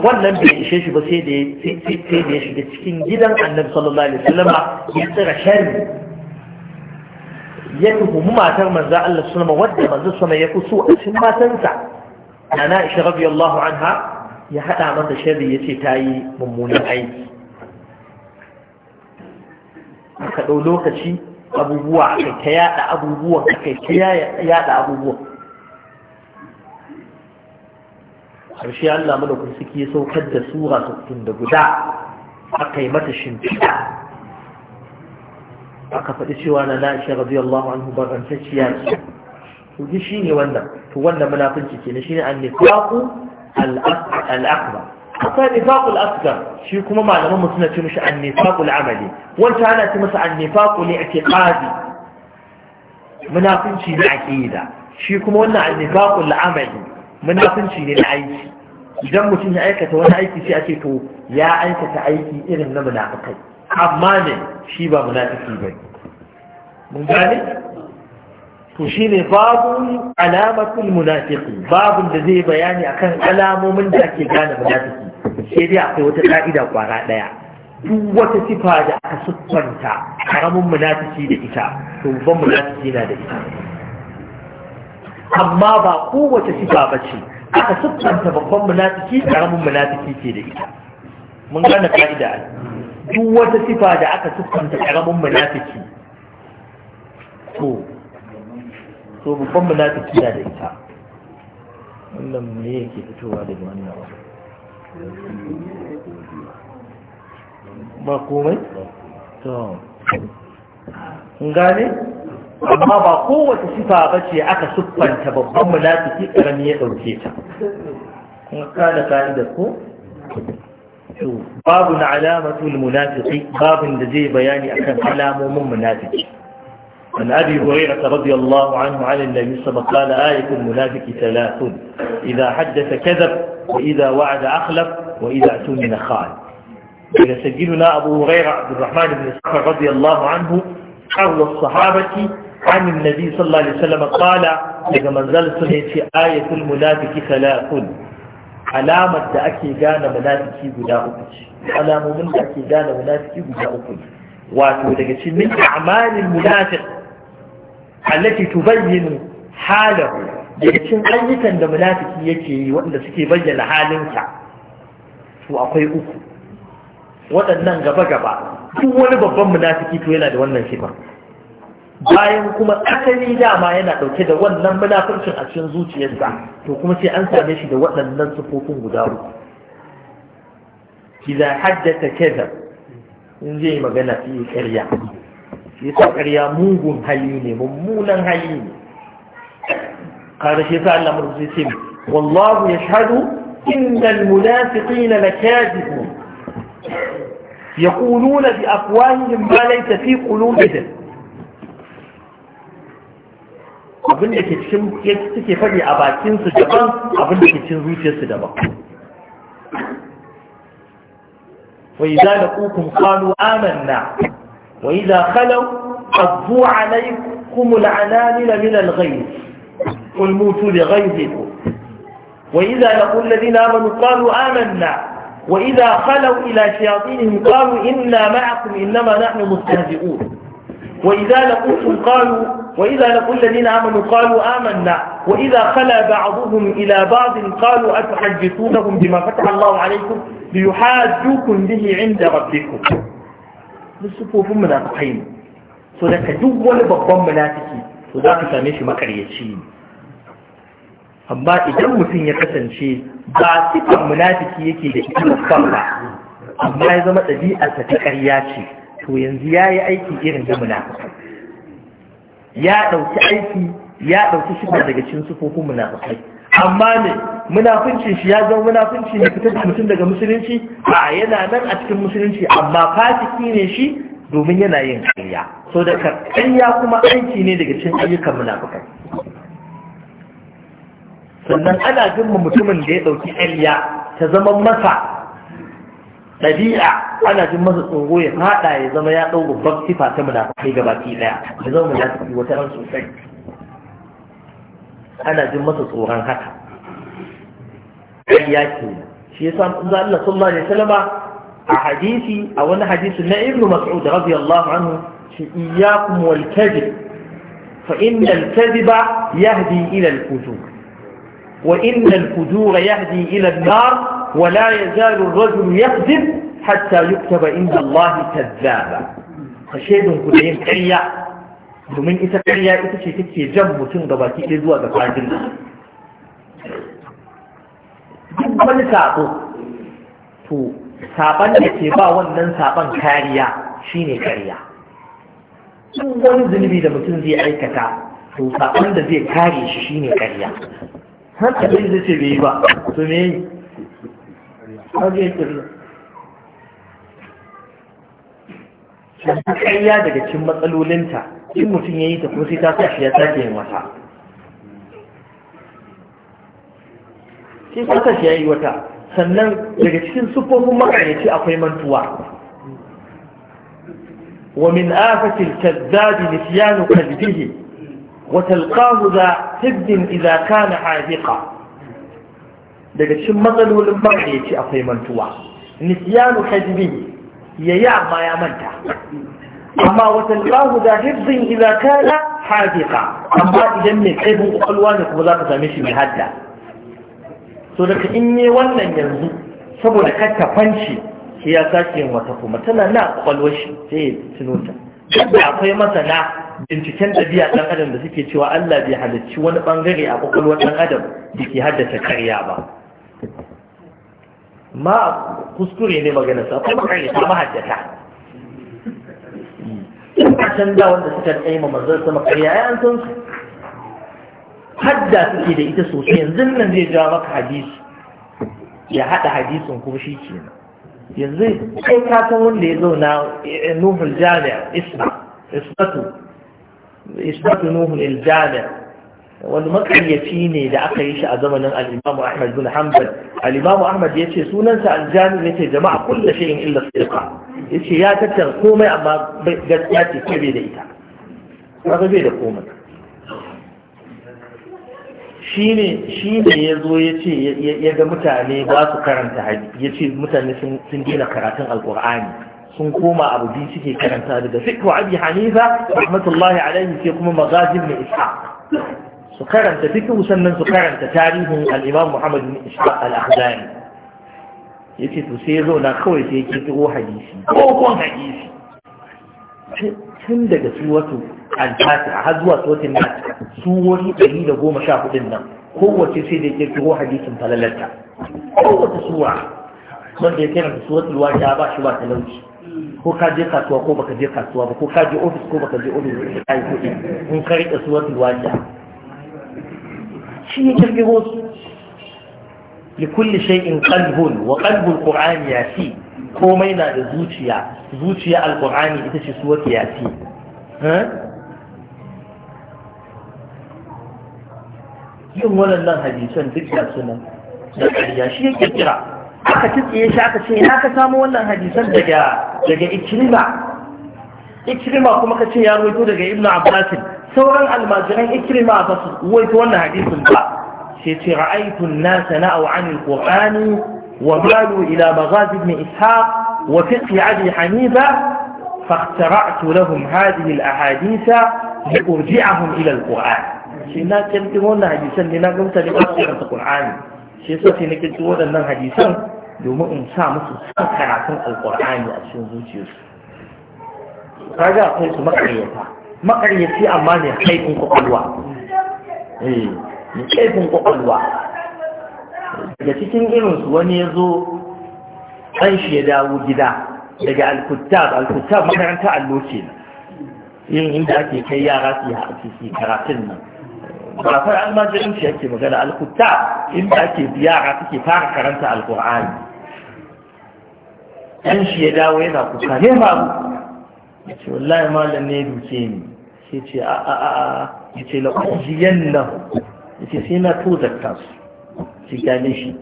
[SPEAKER 1] wannan bai ishe shi ba sai da ya shiga cikin gidan annabi sallallahu alaihi wasallam ya tsira sharri ya tuhumi matar manzo Allah sallama wadda manzo su ya fi so a cikin matansa ana Aisha radiyallahu anha ya hada masa sharri ce ta yi mummunan aiki aka dau lokaci abubuwa aka ta yada abubuwan aka ta yada abubuwan harshe Allah kun suke saukar da sura 60 da guda aka yi mata shimfiɗa aka faɗi cewa na la'ishe radiyallahu anhu barantacciya ce su. duk shi ne wannan to wannan munafunci ke ne shi ne an nifaku al'akbar akwai nifaku al'asgar shi kuma malaman mu suna ce mishi an nifaku al'amali wanda ana ce masa an nifaku ne ake ƙazi munafunci ne a da. shi kuma wannan an nifaku al'amali munafunci ne na aiki idan mutum ya aikata wani aiki sai ake ce to ya aikata aiki irin na munafukai amma ne shi ba munafiki ba mun gane to shine babu alamatul munafiki babu da zai bayani akan alamomin da ake gane munafiki sai dai akwai wata ka'ida kwara daya duk wata sifa da aka siffanta karamin munafiki da ita to ban munafiki na da ita amma ba kowace sifa ba ce aka siffanta babban munafiki karamin munafiki ke da ita mun gane ka'ida duk wata sifa da aka siffanta karamin munafiki to so babban munafiki na da ita wannan ne yake fitowa daga wannan ba komai to gane amma ba kowace sifa ba ce aka siffanta babban munafiki karami ya dauke ta kun kana ka'idar ko باب علامة المنافق باب الذي بيان أكن علامة منافق عن أبي هريرة رضي الله عنه عن النبي صلى الله عليه وسلم قال آية المنافق ثلاث إذا حدث كذب وإذا وعد أخلف وإذا اؤتمن خال إذا سجلنا أبو هريرة عبد الرحمن بن سفر رضي الله عنه حول الصحابة عن النبي صلى الله عليه وسلم قال إذا منزل سنة آية المنافق ثلاث alamar da ake gane munafiki guda uku ce alamomin da ake gane munafiki guda uku ne wato daga cikin a'malin munafiq allati tubayyinu halahu daga cikin ayyukan da munafiki yake yi wanda suke bayyana halinsa to akwai uku waɗannan gaba gaba duk wani babban munafiki to yana da wannan sifa bayan kuma asali dama yana ɗauke da wannan munafurcin a cikin zuciyarsa to kuma sai an same shi da waɗannan sufofin guda uku idza haddatha kadha in zai magana sai ƙarya shi yasa ƙarya mugun hali ne mummunan hali ne kada shi yasa Allah mun sai wallahu yashhadu innal munafiqina lakadibun yaquluna bi afwahihim ma laysa fi qulubihim abin ke cikin a daban ke cikin daban لقوكم قالوا آمنا وإذا خلوا قضوا عليكم العنامل من الغيظ قل موتوا لغيظكم وإذا لقوا الذين آمنوا قالوا آمنا وإذا خلوا إلى شياطينهم قالوا إنا معكم إنما نحن مستهزئون وإذا لقوكم قالوا وإذا لقوا الذين آمنوا قالوا آمنا وإذا خلا بعضهم إلى بعض قالوا أتحدثونهم بما فتح الله عليكم ليحاجوكم به عند ربكم بالصفوف منافقين صدق جول ببن منافقين صدق ساميش مكريتين amma idan mutum ya kasance ba sifan munafiki yake da ita ba amma ya zama ɗabi'arsa ta ƙarya ce to yanzu ya yi aiki irin da munafukai, ya ɗauki aiki ya ɗauki shiga daga cin sufofin munafukai. amma ne munafincin shi ya zama munafinci ne fitar da mutum daga musulunci a yana nan a cikin musulunci amma fasiki ne shi domin yana yin ƙarya so da ƙarya kuma aiki ne daga cin ayyukan munafukai. sannan ana girma mutumin da ya ɗauki ƙarya ta zama masa ɗabi'a ana jin masa tsoro ya fada ya zama ya ɗau babban sifa ta munafikai gabaki ɗaya ya zama munafiki wata ran sosai ana jin masa tsoron haka ya ke shi yasa in za Allah sallallahu alaihi wasallam a hadisi a wani hadisi na Ibn Mas'ud radiyallahu anhu shi iyyakum wal kadhib fa inna al kadhiba yahdi ila al fujur wa inna al fujura yahdi ila an nar ولا يزال الرجل يكذب حتى يكتب عند الله كذابا فشيء كلين كريا domin ita karya ita ce take jan mutum ga baki ɗaya zuwa ga fadin duk wani saɓo to saɓan da ke ba wannan saɓan kariya shine kariya. duk wani zunubi da mutum zai aikata to saɓan da zai kare shi shine kariya. har kaɗai zai ce bai yi ba to me wajen yake daga cin matsalolinta in mutum ya yi ta kuma sai ta sashi ya sake yin wata sai sashi ya yi wata sannan daga cikin siffofin makarici akwai mantuwa ومن آفة الكذاب نسيان كذبه وتلقاه ذا حب إذا كان حاذقا daga cikin matsalolin ce akwai mantuwa nisyanu ya yayi amma ya manta amma watallahu da hibzin ila kala hakika. amma idan mai kaifin kwakwalwa ne kuma za ka same shi mai hadda so daga in yi wannan yanzu saboda kanta fanci shi ya sake yin wata kuma tana na kwakwalwa shi sai ya tuno ta yadda akwai masana binciken ɗabi'a ɗan adam da suke cewa Allah bai halarci wani ɓangare a kwakwalwar ɗan adam da ke haddasa karya ba ma kuskure ne magana sa akwai makarita mahaddata a can da wanda suka tsaye ma manzon sama karya ya an san su
[SPEAKER 2] hadda suke
[SPEAKER 1] da ita sosai yanzu nan zai jawo maka hadisi ya haɗa hadisin kuma shi ke yanzu kai ka san wanda ya zauna eh, nuhul jami'a isma isbatu isbatu nuhul jami'a wani makaryaci ne da aka yi shi a zamanin al'imamu ahmad bin hanbal al'imamu ahmad ya ce sunansa aljami ya ce jama'a kulle shayin illa sirka ya ce ya tattara komai amma gaskiya ce ke bai da ita kaga bai da komai shi ne ya zo ya ce ya ga mutane ba su karanta hadisi ya ce mutane sun gina karatun alkur'ani sun koma abu biyu suke karanta daga fiqh abi hanifa rahmatullahi alaihi sai kuma magazin mai ishaq su karanta fiqh sannan su karanta tarihin al-Imam Muhammad bin Ishaq al-Akhdani yace to sai yazo kawai sai yake kiro hadisi ko kon hadisi tun daga su suratu al-Fatiha har zuwa da goma sha hudun nan kowace sai da yake kiro hadisin falalarta kowace sura wanda ya kira suratul waqi'a ba shi ba talauci ko ka je kasuwa ko baka je kasuwa ba ko ka je ofis ko baka je ofis ka yi kuɗi in ka riƙe suratul waqi'a shi ya kirkiro su likulli shay'in qalbun wa qalbul qur'ani yasi komai na da zuciya zuciya alqur'ani ita ce suwar yasi yin wannan hadisan duk da suna da ƙarya shi ya kirkira aka tsitsiye shi aka ce ina ka samu wannan hadisan daga daga ikrima ikrima kuma ka ce ya roto daga ibnu abbasin sauran almajiran ikrima ba su waito wannan hadisin ba sai ce na nasa na'u anil wa ila maghazi ibn ishaq wa fiqh abi hanifa فاخترعت لهم هذه الأحاديث لأرجعهم إلى القرآن شينا كنتمونا حديثا لنا قمت لقصر القرآن شيسا شينا kaga akwai su makayyata makaryaci amma ne kaifin kwakwalwa eh kwakwalwa daga cikin irinsu wani ya zo an shi ya dawo gida daga alkuttab alkuttab makaranta allo ce yin inda ake kai yara su yi karatun nan ba almajirin shi ake magana alkuttab inda ake yara suke fara karanta alkur'ani ɗan shi ya dawo yana kuka ne ma ya ce wallahi malam ne duke ni sai ce a a a ya ce la'ujiyan nan ya ce sai na to zakka su shi gane shi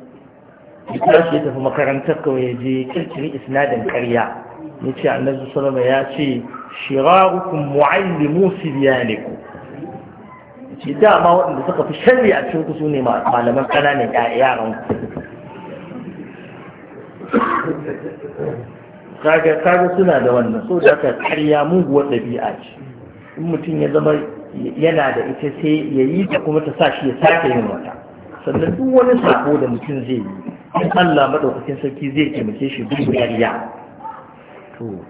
[SPEAKER 1] ya tashi ya tafi makarantar kawai ya je kirkiri isnadin karya ya ce annabi sallama ya ce shirarukum mu'allimu sibyanikum ya ce dama waɗanda suka fi sharri a cikin ku su ne malaman ƙananan yaran ku kaga kaga suna da wannan so da aka karya muguwar ɗabi'a ce in mutum ya zama yana da ita sai ya yi ta kuma ta sa shi ya sake yin wata sannan duk wani sako da mutum zai yi in Allah madaukakin sarki zai taimake shi duk karya to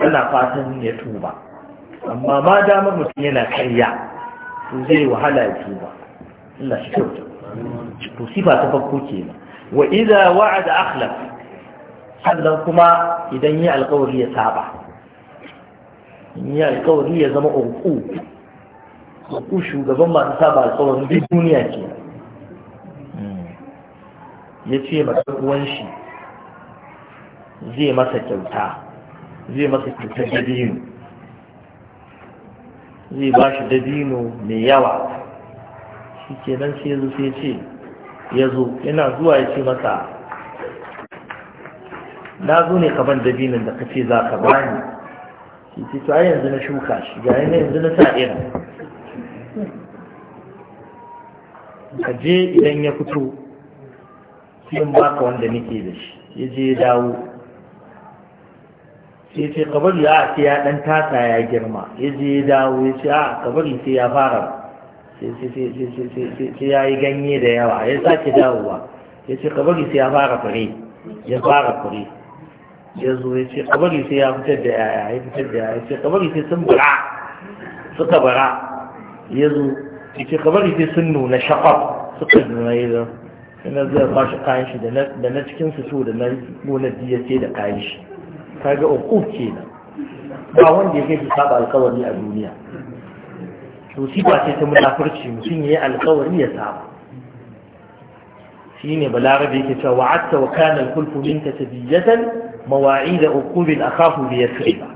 [SPEAKER 1] ana fatan ya tuba amma ma damar mutum yana karya to zai wahala ya tuba Allah shi kyauta to sifa ta farko kenan wa idza wa'ada akhlaf sannan kuma idan yi alkawari ya saba in yi alkawari ya zama uku uku shugaban masu saba alkawarin duk duniya ke hmm. ya ce masu uwan shi zai masa kyauta zai masa kyauta dabino zai ba shi dabino mai yawa shi kenan sai ya zo sai ce ya zo yana zuwa ya ce masa na zo ne ka ban dabinin da kace za ka bani shi ce to yanzu na shuka shi ga yana yanzu na sa irin ka je idan ya fito sai in ka wanda nake da shi ya je ya dawo sai ce kabari a sai ya dan tasa ya girma ya je ya dawo ya ce a kabari sai ya fara sai ya yi ganye da yawa ya sake dawowa ya ce kabari sai ya fara fure ya fara fure ya zo ya ce kabari sai ya fitar da yaya ya fitar da yaya ce kabari sai sun bara suka bara ya zo ya ce kabari sai sun nuna shafaf suka nuna ya zo ina zai ba shi kayan shi da na cikin su so da na nuna biya sai da kayan shi kaga uku kenan ba wanda ya kai su saba alkawari a duniya to shi ba sai ta munafurci mutum ya yi alkawari ya saba shi ne balarabe yake cewa wa'atta wa kana alkulfu minka tabiyatan mawa'i da hukubin a kafin biyar kai ba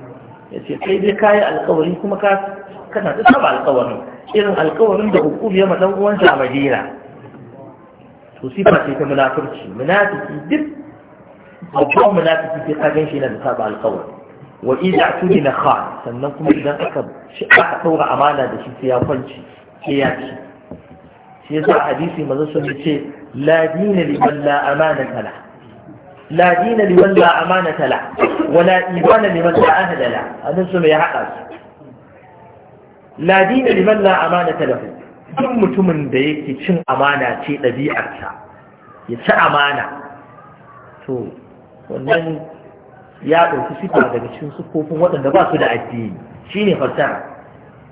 [SPEAKER 1] ya ce kai dai kayi alkawari kuma ka kana da saba alkawarin irin alkawarin da hukubi ya maɗan uwansa a madina to sifa ce ta munafurci munafiki duk babban munafiki sai ka gan shi na da saba alkawari wa ida tuni na kha sannan kuma idan aka shi aka ɗaura amana da shi sai ya kwanci sai ya ci shi yasa hadisi manzo sun ce la dina liman la amana kala لا دين لمن لا أمانة له ولا إيمان لمن لا أهل له أنا سمي يحقق لا دين لمن لا أمانة له duk mutumin da yake cin amana ce ɗabi'arsa ya ci amana to wannan ya ɗauki sifa daga cikin sufofin waɗanda ba su da addini shi ne fassara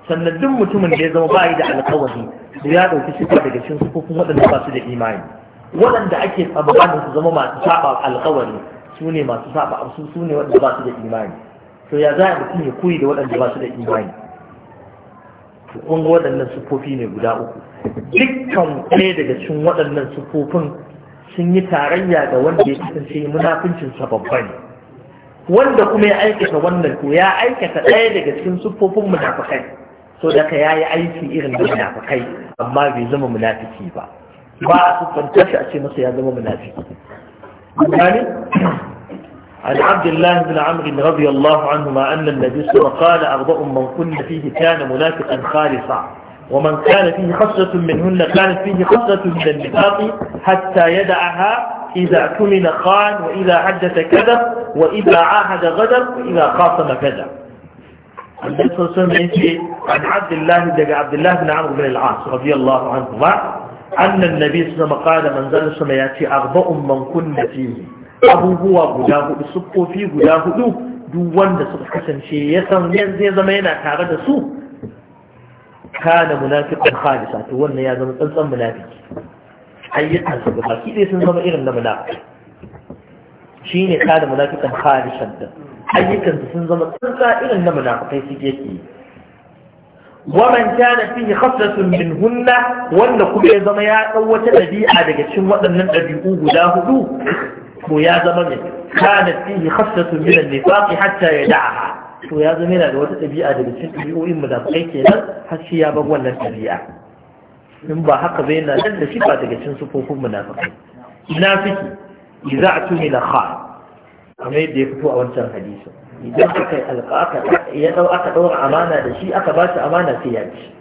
[SPEAKER 1] sannan duk mutumin da ya zama bayi da alkawari to ya ɗauki sifa daga cikin sufofin waɗanda ba su da imani waɗanda ake tsammanin su zama masu saba alkawari su ne masu saba su su ne waɗanda ba su da imani to ya za a mutum ya koyi da waɗanda ba su da imani kun ga waɗannan sufofi ne guda uku dukkan ɗaya daga cikin waɗannan sufofin sun yi tarayya ga wanda ya kasance munafincin sa babba ne wanda kuma ya aikata wannan to ya aikata ɗaya daga cikin sufofin munafikai so daga ya yi aiki irin da munafikai amma bai zama munafiki ba ba a siffanta shi هذا من هذه
[SPEAKER 2] ya
[SPEAKER 1] عن عبد الله بن عمرو رضي الله عنهما أن النبي صلى الله عليه وسلم قال أرضاء من كن فيه كان منافقا خالصا ومن كان فيه خصة منهن كانت فيه خصة من النفاق حتى يدعها إذا كمن خان وإذا حدث كذا وإذا عاهد غدر وإذا خاصم كذا النبي صلى الله عليه وسلم عن عبد الله بن عبد الله بن عمرو بن العاص رضي الله عنهما annan nabi su zama kada manzan suna ya ce arba'un man kunna fihi abubuwa guda hudu siffofi guda hudu duk wanda suka kasance ya san zai zama yana tare da su kana munafiqan halisa to wannan ya zama tsantsan munafiki ayyukan su ga baki dai sun zama irin na munafiki shine kana munafiqan khalisan da ayyukan su sun zama tsantsa irin na munafikai su yake waman kana fihi khaslatun minhunna wanda kuma ya zama ya dau wata dabi'a daga cikin waɗannan dabi'u guda hudu to ya zama ne kana fihi khaslatun min an-nifaq hatta yad'aha to ya zama yana da wata ɗabi'a daga cikin dabi'o'in munafikai kenan har shi ya bar wannan dabi'a in ba haka bai na da shi ba daga cikin sufofin munafikai munafiki a tumila kha kamar da ya fito a wancan hadisin idan aka yi alƙaƙa ya ɗau aka ɗaura amana da shi aka ba shi amana sai ya ci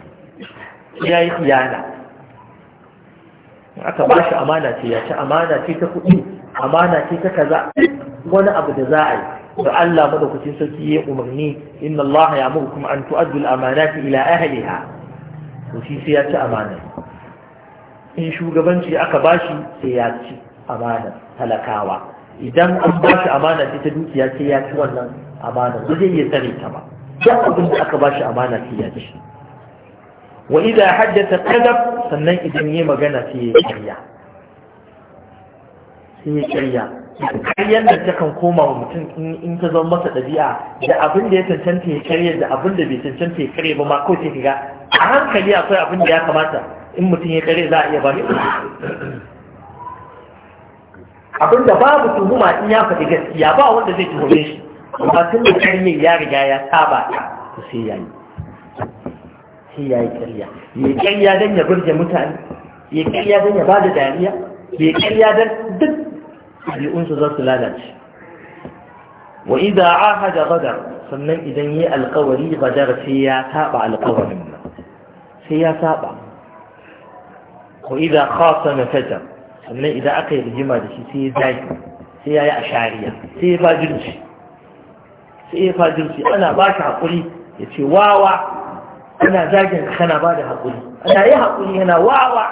[SPEAKER 1] ya yi kiyana aka ba shi amana sai ya ci amana ce ta kuɗi amana ce ta kaza wani abu da za a yi da Allah madaukakin sarki ya umarni inna Allah ya muhukum an tu'addu al-amanati ila ahliha to shi sai ya ci amana in shugabanci aka ba shi sai ya ci amana talakawa idan an ba shi amana sai ta dukiya sai ya ci wannan amana ba zai iya tsare ta ba duk abin da aka bashi amana sai ya ci wa idza haddatha kadab sannan idan yayi magana sai ya karya sai ya karya karyar da ta kan koma wa mutum in ta zama masa ɗabi'a da abin da ya cancanta ya karya da abin da bai cancanta ya karya ba ma kawai sai ga a hankali akwai abin da ya kamata in mutum ya karya za a iya ba shi abin da babu tuhuma in ya faɗi gaskiya ba wanda zai tuhume shi ولكن العلمي يرجع يتابع في يعني في أي كريا يكريا دنيا برج متعن يكريا دنيا بعد دنيا يكريا دن دب على أنس ذات لالج وإذا عهد غدر فمن إذن يأ القولي غدر في يتابع القول منه في يتابع وإذا خاص فجر فمن إذا أقيد جمادة في زايد في يأ أشعرية في فاجرش sai ya fajirci ana ba shi haƙuri ya ce wawa ana zagin ka kana ba da haƙuri ana yi haƙuri yana wawa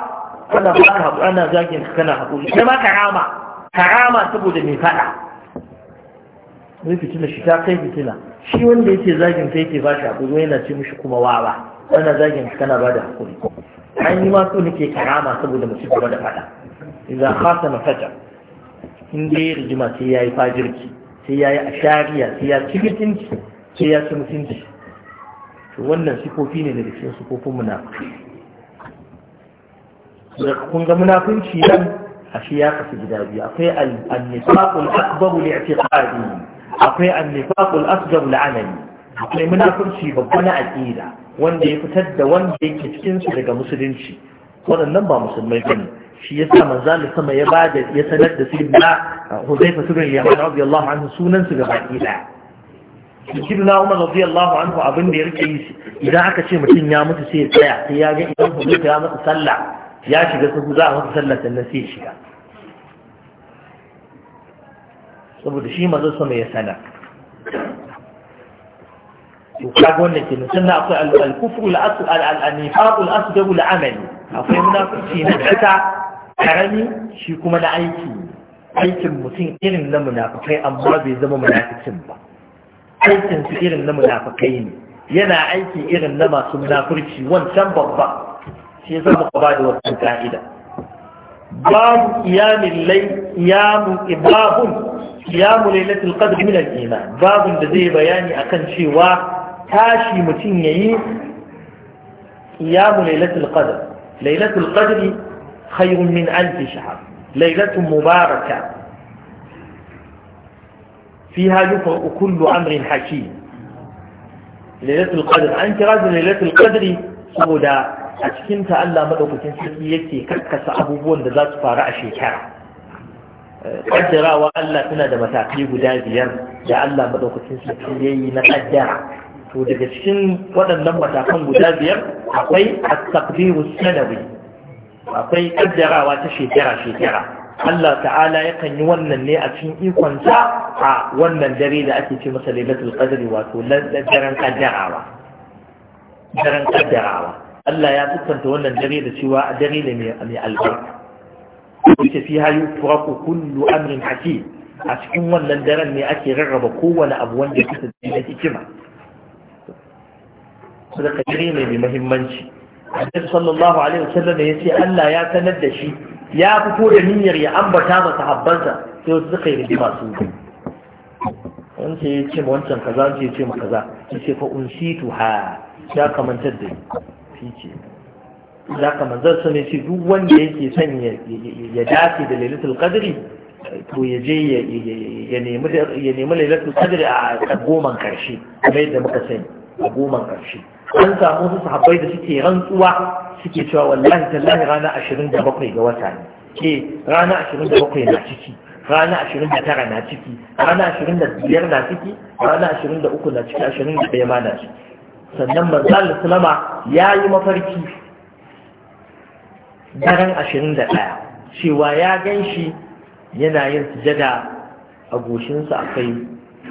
[SPEAKER 1] ana ba da haƙuri ana zagin ka kana haƙuri sai ma karama karama saboda mai faɗa wai fitina shi ta kai fitina shi wanda yake zagin ka yake ba shi haƙuri yana ce mishi kuma wawa ana zagin ka kana ba da haƙuri an yi ma so nake karama saboda mu ci gaba da faɗa idan khasa na in dai rigima sai yayi fajirki sai ya yi a shariya sai ya ci mutunci sai ya ci mutunci to wannan sifofi ne daga cikin sifofin munafiki da kun ga munafunci nan ashe ya kasu gida biyu akwai annifaqul akbar li'tiqadi akwai annifaqul asghar li'amali akwai munafunci babba na aqida wanda ya fitar da wanda yake cikin su daga musulunci waɗannan ba musulmai bane shi ya sa manzo sama ya ba da ya sanar da sayyidina Huzaifa ibn Yaman radiyallahu anhu sunan su gaba ɗaya sayyidina Umar radiyallahu anhu abin da ya rike yi idan aka ce mutum ya mutu sai ya tsaya sai ya ga idan Huzaifa ya mutu sallah ya shiga sahu za a mutu sallah sannan sai ya shiga saboda shi manzo sama ya sanar kaga wannan ke nan sannan akwai al-kufru al-nifaq al-asghar al-amali akwai munafiki na kata karami shi kuma na aiki aikin mutum irin na munafukai amma bai zama munafikin ba aikin su irin na munafukai ne yana aiki irin na masu munafurci wancan babba shi yasa muka ba da wannan ka'ida babu qiyamul layl qiyamu ibahun qiyamu lailatul qadr min al-iman babun da zai bayani akan cewa tashi mutum yayi qiyamu lailatul qadr lailatul qadr خير من ألف شهر ليلة مباركة فيها يفرق كل أمر حكيم ليلة القدر أنت رجل ليلة القدر سبدا أتكنت ألا مدوكتين سكيكي ككس أبوبون ذات فارع شكرا kaddarawa Allah tana da matakai guda biyar da Allah madaukakin sarki ya yi na kaddara to daga cikin waɗannan matakan guda biyar akwai at-taqdiru akwai kaddarawa ta shekara shekara Allah ta'ala ya kan yi wannan ne a cikin ikonsa a wannan dare da ake ce masa lailatul qadri wato daren kaddarawa daren kaddarawa Allah ya tukkanta wannan dare da cewa dare ne mai albarka yace fi hayu turaku kullu amrin hakim a cikin wannan daren ne ake rarraba kowane abu wanda ya kasance da hikima sadaka dare ne mai muhimmanci annabi sallallahu alaihi wasallam ya ce Allah ya sanar da shi ya fito da niyyar ya ambata masa habbansa sai wasu suka yi rigima su biyu wancan ya ce ma wancan kaza wancan ya ce ma kaza ya ce fa unsitu ha ya kamantar da shi ce za ka manzar su ne ce duk wanda yake son ya dace da lalitul kadiri to ya je ya nemi lalitul kadiri a goma karshe kamar yadda muka sani a goma karshe an samu su sahabbai da suke rantsuwa suke cewa wallahi tallahi rana ashirin da bakwai ga wata ne ke eh, rana ashirin da bakwai na ciki rana ashirin da tara na ciki rana ashirin da biyar na ciki rana ashirin da uku na ciki ashirin da ɗaya ma na ciki sannan manzal sulama ya yi mafarki daren ashirin da ɗaya cewa ya gan shi yana yin sujada a goshinsa akwai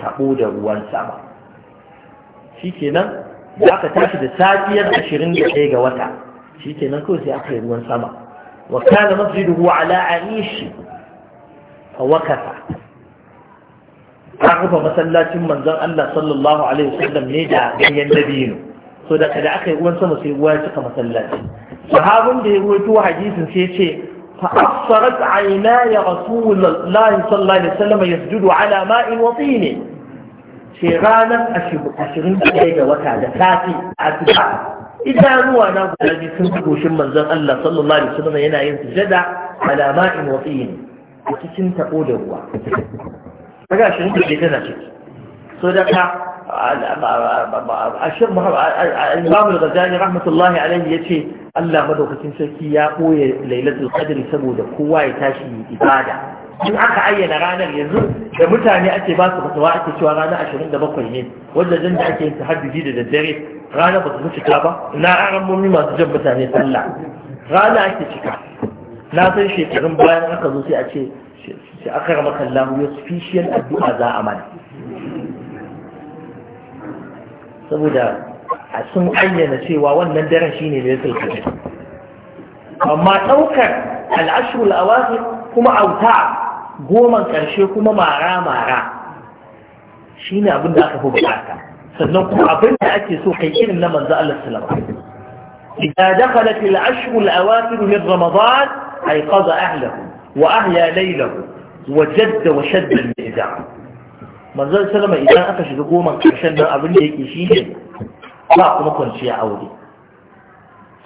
[SPEAKER 1] taɓo da ruwan sama shi kenan da aka tashi da safiyar ashirin da ɗaya ga wata shi ke nan kawai sai aka yi ruwan sama wa kana masjiduhu ala aishi fa wakasa an rufe masallacin manzon Allah sallallahu alaihi wasallam ne da ganyen dabino so da kada aka yi ruwan sama sai ruwa ya cika masallaci sahabin da ya ruwaito hadisin sai ya ce فأبصرت عيناي رسول الله صلى الله عليه وسلم يسجد على ماء وطين Sai ranar ashirin da ɗaya ga wata da safi a tuka idanuwa na guda biyu sun fi goshin manzon Allah sallallahu alaihi wasallam yana yin sujada ala ma'in wa a cikin tabo da ruwa kaga ashirin da ɗaya tana ciki so da ka الشيخ الإمام الغزالي رحمة الله عليه يتشي الله مدوكة سكي يا قوي ليلة القدر سبو دكوا يتاشي ibada. in aka ayyana ranar yanzu da mutane ake ba su fatawa ake cewa ranar ashirin da bakwai ne wajajen da ake yin tahajjudi da daddare ranar ba su cika ba na aran masu jan mutane sallah Ranar ake cika na san shekarun bayan aka zo sai a ce sai aka rama kallon yau special addu'a za a mana saboda a sun ayyana cewa wannan daren shine ne da ya amma ɗaukar al'ashirul awakhir kuma auta goma karshe kuma mara-mara shine abin da aka fi bukata sannan kuma abin da ake so kai irin na manzo Allah sallallahu alaihi wasallam idza dakhalat al-ashr al-awakhir min ramadan ay qada ahlihi wa ahya laylahu wa jadda wa shadda al-mi'da manzo sallama idan aka shiga goman ƙarshen nan abin da yake shi ba kuma kwanciya aure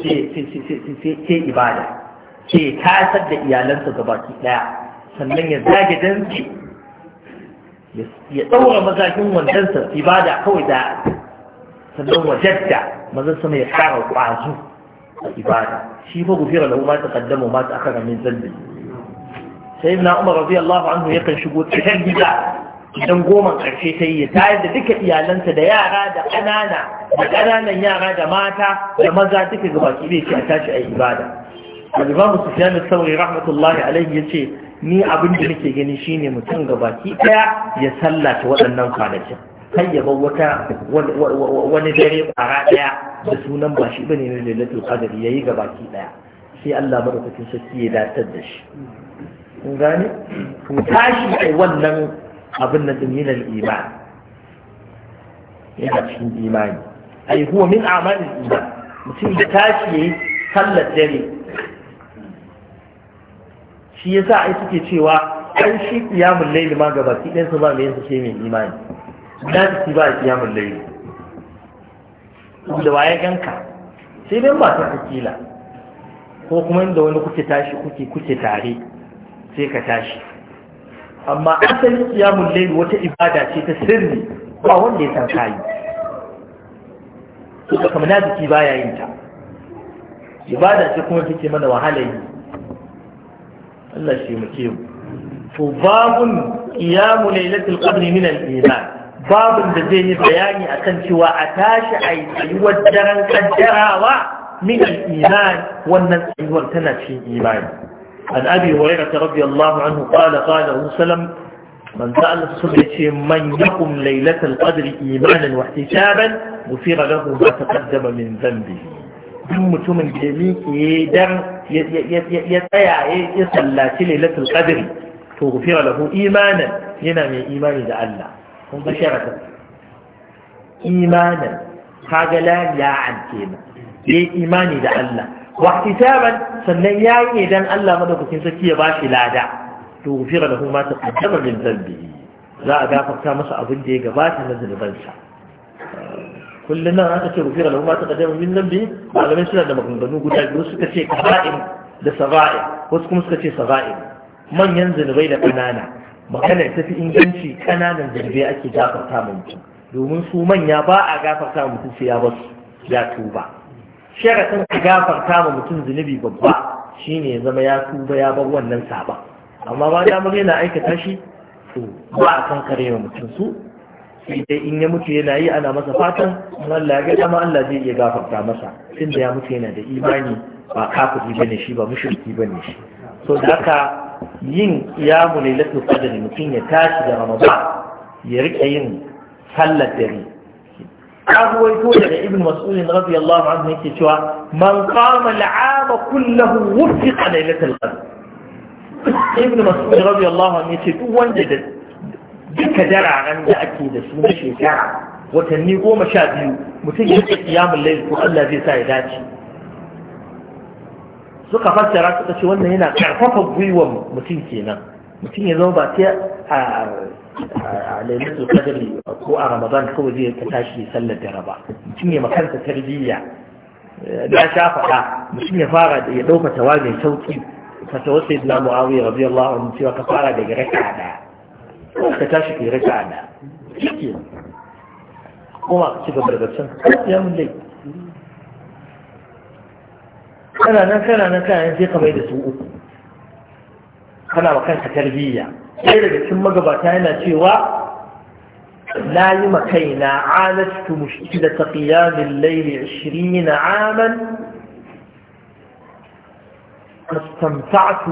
[SPEAKER 1] sai sai sai sai ibada ke tasar da iyalansa gabaki daya sannan ya zage dantse ya ɗaura mazakin wandansa ibada kawai da sannan wajadda mazan sama ya ƙara ƙwazo a ibada shi fa gufira lahu ma taqaddama ma ta'akhara min zambi sai na umar radiyallahu anhu yakan shigo cikin gida idan goma ƙarshe ta yi tayar da duka iyalansa da yara da ƙanana da ƙananan yara da mata da maza duka gaba ki bai ce a tashi a ibada al-imamu sufyan al-thawri rahmatullahi alaihi yace ni abin da nake gani shine mutum ga baki daya ya sallace waɗannan kwanakin kai ya bar wata wani dare ƙara daya da sunan ba shi bane na lalatu qadri yayi ga baki daya sai Allah madaukakin sarki ya datar da shi kun gane to tashi ai wannan abin na min al-iman yana cikin imani ai huwa min a'malil iman mutum da tashi yayi sallar dare shi ya sa ai suke cewa an shi kiyamun laili ma gaba ki ɗansu ba mai yansa sai mai imani Na su ba a kiyamun laili da waye ganka sai dai ba ta kila ko kuma inda wani kuke tashi kuke kuke tare sai ka tashi amma asalin kiyamun laili wata ibada ce ta sirri ba wanda ya san kai kuma na jiki baya yin ta ibada ce kuma take mana wahala yi الله shi muke mu to babun qiyamu lailatul qadri min al-iman babun da zai yi bayani من الإيمان والنزع والتنى في الإيمان عن أبي هريرة رضي الله عنه قال قال عليه وسلم من سأل الصبح من يقم ليلة القدر إيمانا واحتسابا غفر له ما تقدم من ذنبه duk mutumin da ya miƙe dan ya tsaya ya sallaci lailatul qadri to gufira lahu imanan yana mai imani da Allah kun ga sharafin imanan kaga la ya'an kenan yayi imani da Allah wa ihtisaban sannan yayi ne dan Allah madaukakin sarki ya bashi lada to gufira lahu ma taqaddama min dhanbihi za a gafarta masa abin da ya gabata na zunubansa kullum nan aka ce gufira mata ma taqaddama min biyu malamai suna da maganganu guda biyu suka ce kaba'in da saba'in wasu kuma suka ce saba'in manyan zunubai da kanana magana ta fi inganci kananan zunubai ake gafarta mutum domin su manya ba a gafarta mutum sai ya su ya tuba sharaɗin ka gafarta ma mutum zunubi babba shine ya zama ya tuba ya bar wannan saba amma ba da yana aikata shi to ba a kan kare mutum su sai in ya mutu yana yi ana masa fatan in Allah ya ga dama Allah zai iya gafarta masa tunda ya mutu yana da imani ba kafiri bane shi ba mushriki bane shi so da haka yin iyamu lailatul qadr mutum ya tashi da ramadan ya rike yin sallar dare أرويته إلى ابن مسعود رضي الله عنه كتوى من قام العام كله وفق ليلة القدر ابن مسعود رضي الله عنه كتوى وانجدت duka dararen da ake da su na shekara watanni goma sha biyu mutum ya ce kiyamun laifin ko Allah zai sa ya dace suka fassara suka ce wannan yana karfafa gwiwar mutum kenan mutum ya zama ba sai a lailatul qadri ko a ramadan kawai zai ta tashi sallar dare ba mutum ya makansa tarbiyya na sha faɗa mutum ya fara da ya ɗauka tawa mai sauki fata wasu idna mu'awiyar rabiyallahu anhu cewa ka fara daga raka'a daya كتاشك يرجع عنها شكيا وما كتب بردت أنا أنا كان عندي قبيلة سوء أنا وكان تربية كيف سوى لا يمكينا عالجت مشكلة قيام الليل عشرين عاما استمتعت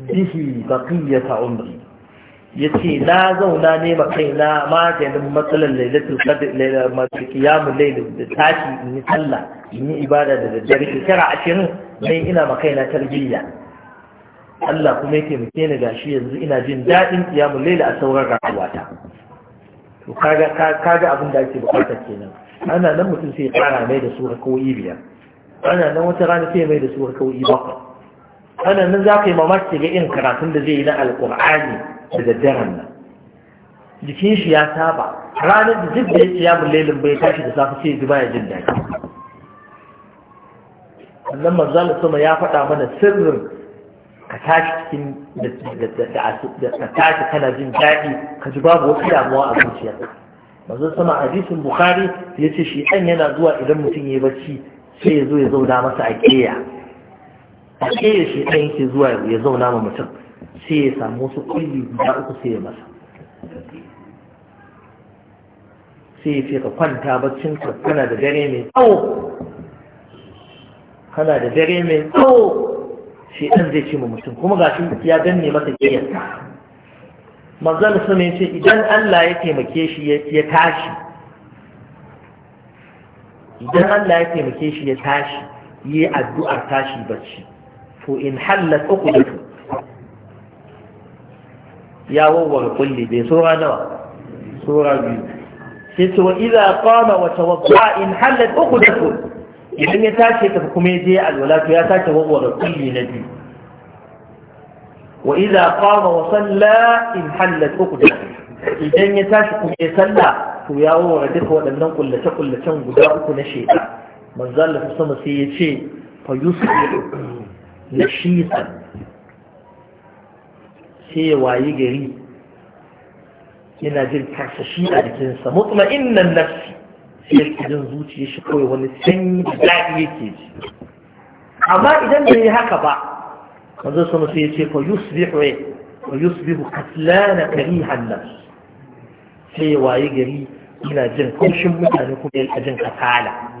[SPEAKER 1] به بقية عمري ya ce na zauna ne ma kai na maganin matsalar lailatul qadr lailatul qadr da tashi in yi sallah in yi ibada da daddare shekara ashirin sai ina ma kai na tarbiyya Allah kuma yake muke ni gashi yanzu ina jin daɗin qiyamul layl a sauran rayuwata to kaga kaga abin da ake bukata kenan ana nan mutum sai ya fara mai da su kawai biyar ana nan wata rana sai mai da su kawai bakwai wannan nan za ka yi mamaki ga irin karatun da zai yi na alƙur'ani da daddaren nan jikin shi ya saba ranar da duk da ya mu lelin bai tashi da safe sai zuba ya jin daɗi wannan manzal sama ya faɗa mana sirrin ka tashi cikin da tashi kana jin daɗi ka ji babu wata damuwa a zuciyar manzal sama a hadisin bukhari ya ce shi an yana zuwa idan mutum ya yi bacci sai ya zo ya zauna masa a ƙeya a ya shi ɗan yake zuwa ya zauna ma mutum sai ya samu wasu ƙulli guda uku sai ya masa sai ya ce ka kwanta baccin ka kana da dare mai tsawo kana da dare mai tsawo shi ɗan zai ce ma mutum kuma ga shi ya danne masa ƙiyarsa manzon sun ya ce idan Allah ya taimake shi ya tashi idan Allah ya taimake shi ya tashi yi addu'ar tashi bacci to in hallat uqdatu ya wawwara kulli bai sura nawa sura biyu sai to idza qama wa tawadda in hallat uqdatu idan ya tashi ta kuma ya je alwala to ya tashi wawwara kulli na biyu wa idza qama wa salla in hallat uqdatu idan ya tashi kuma ya salla to ya wawwara duka waɗannan kullace kullacen guda uku na sheda manzo Allah sama sai ya ce fa yusbihu nashisan sai ya wayi gari yana jin karsashi a jikinsa mutma'innan nafsi sai yake jin zuciya shi kawai wani sanyi da daɗi yake ji amma idan bai yi haka ba wanzu sama sai ya ce fa yusbihu fa yusbihu katlana karihan nafs sai ya wayi gari yana jin kaushin mutane kuma yana jin kasala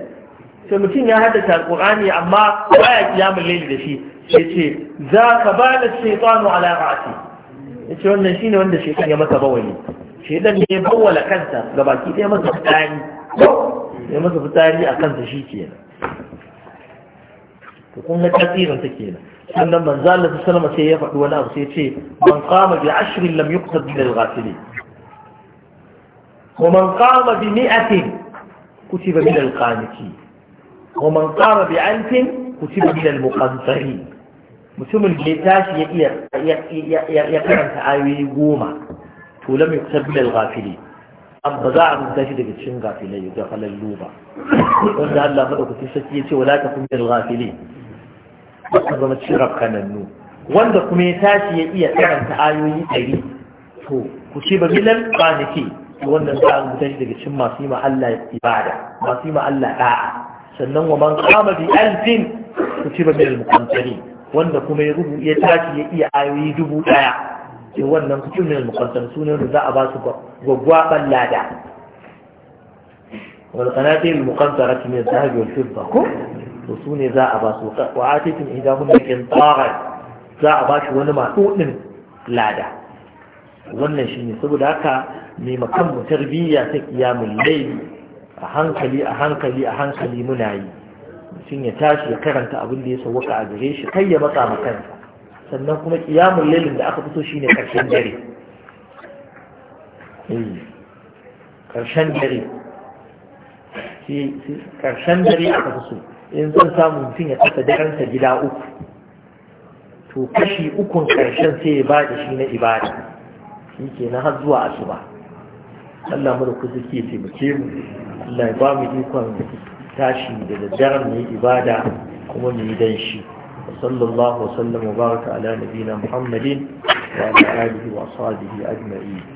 [SPEAKER 1] sai mutum ya haddata alqur'ani amma baya kiyamul layl da shi sai ce za ka bala shaytanu ala ra'si yace wannan shine wanda shaytan ya masa bawali shaytan ne ya bawala kansa ga baki ɗaya masa fitari ya masa fitari a kansa shi kenan to kun ga tasirin ta kenan sannan manzo Allah sallallahu alaihi wasallam sai ya faɗi wani abu sai ce man qama bi ashrin lam yuqsad bil ghafilin wa man qama bi mi'atin kutiba min al qanitin ومن قام بعنف كتب إلى المقنطرين mutumin da ya tashi ya iya ya karanta ayoyi goma to lam yuktab min al ba za a rubuta shi daga cikin gafilai da falallu ba wanda Allah madaukakin sarki ya ce wala takun min al zama wanda kuma ya tashi ya iya karanta ayoyi ɗari to ku ce ba milal wannan za a rubuta shi daga cikin masu yi Allah ibada masu yi Allah da'a sannan wa man kama bi alfin kutiba min al-muqantarin wanda kuma ya rubu ya tashi ya iya ayoyi dubu daya sai wannan kutiba min al-muqantarin sunan da za a ba su gwaggwaban lada wal qanati al-muqantarati min al-dhahab wal fidda ko to sune za a ba su wa atitum idahum qintara za a ba shi wani din lada wannan shine saboda haka mai makan mu tarbiyya ta kiyamul layl a hankali a hankali a hankali muna yi mutum ya tashi ya karanta abin da ya sauwaka a gare shi kai ya matsa ma sannan kuma kiyamun lalin da aka fito shine karshen dare karshen eh, dare karshen dare aka fito in zan samu mutum ya kasa daransa gida uku to kashi ukun karshen sai ya bada shi na ibada shi ke na har zuwa asuba Allah mu da ku suke taimake mu Allah ya ba mu ikon tashi da daddare mu ibada kuma mu yi dan shi sallallahu wasallam wa baraka ala nabina muhammadin wa ala alihi wa sahbihi ajma'in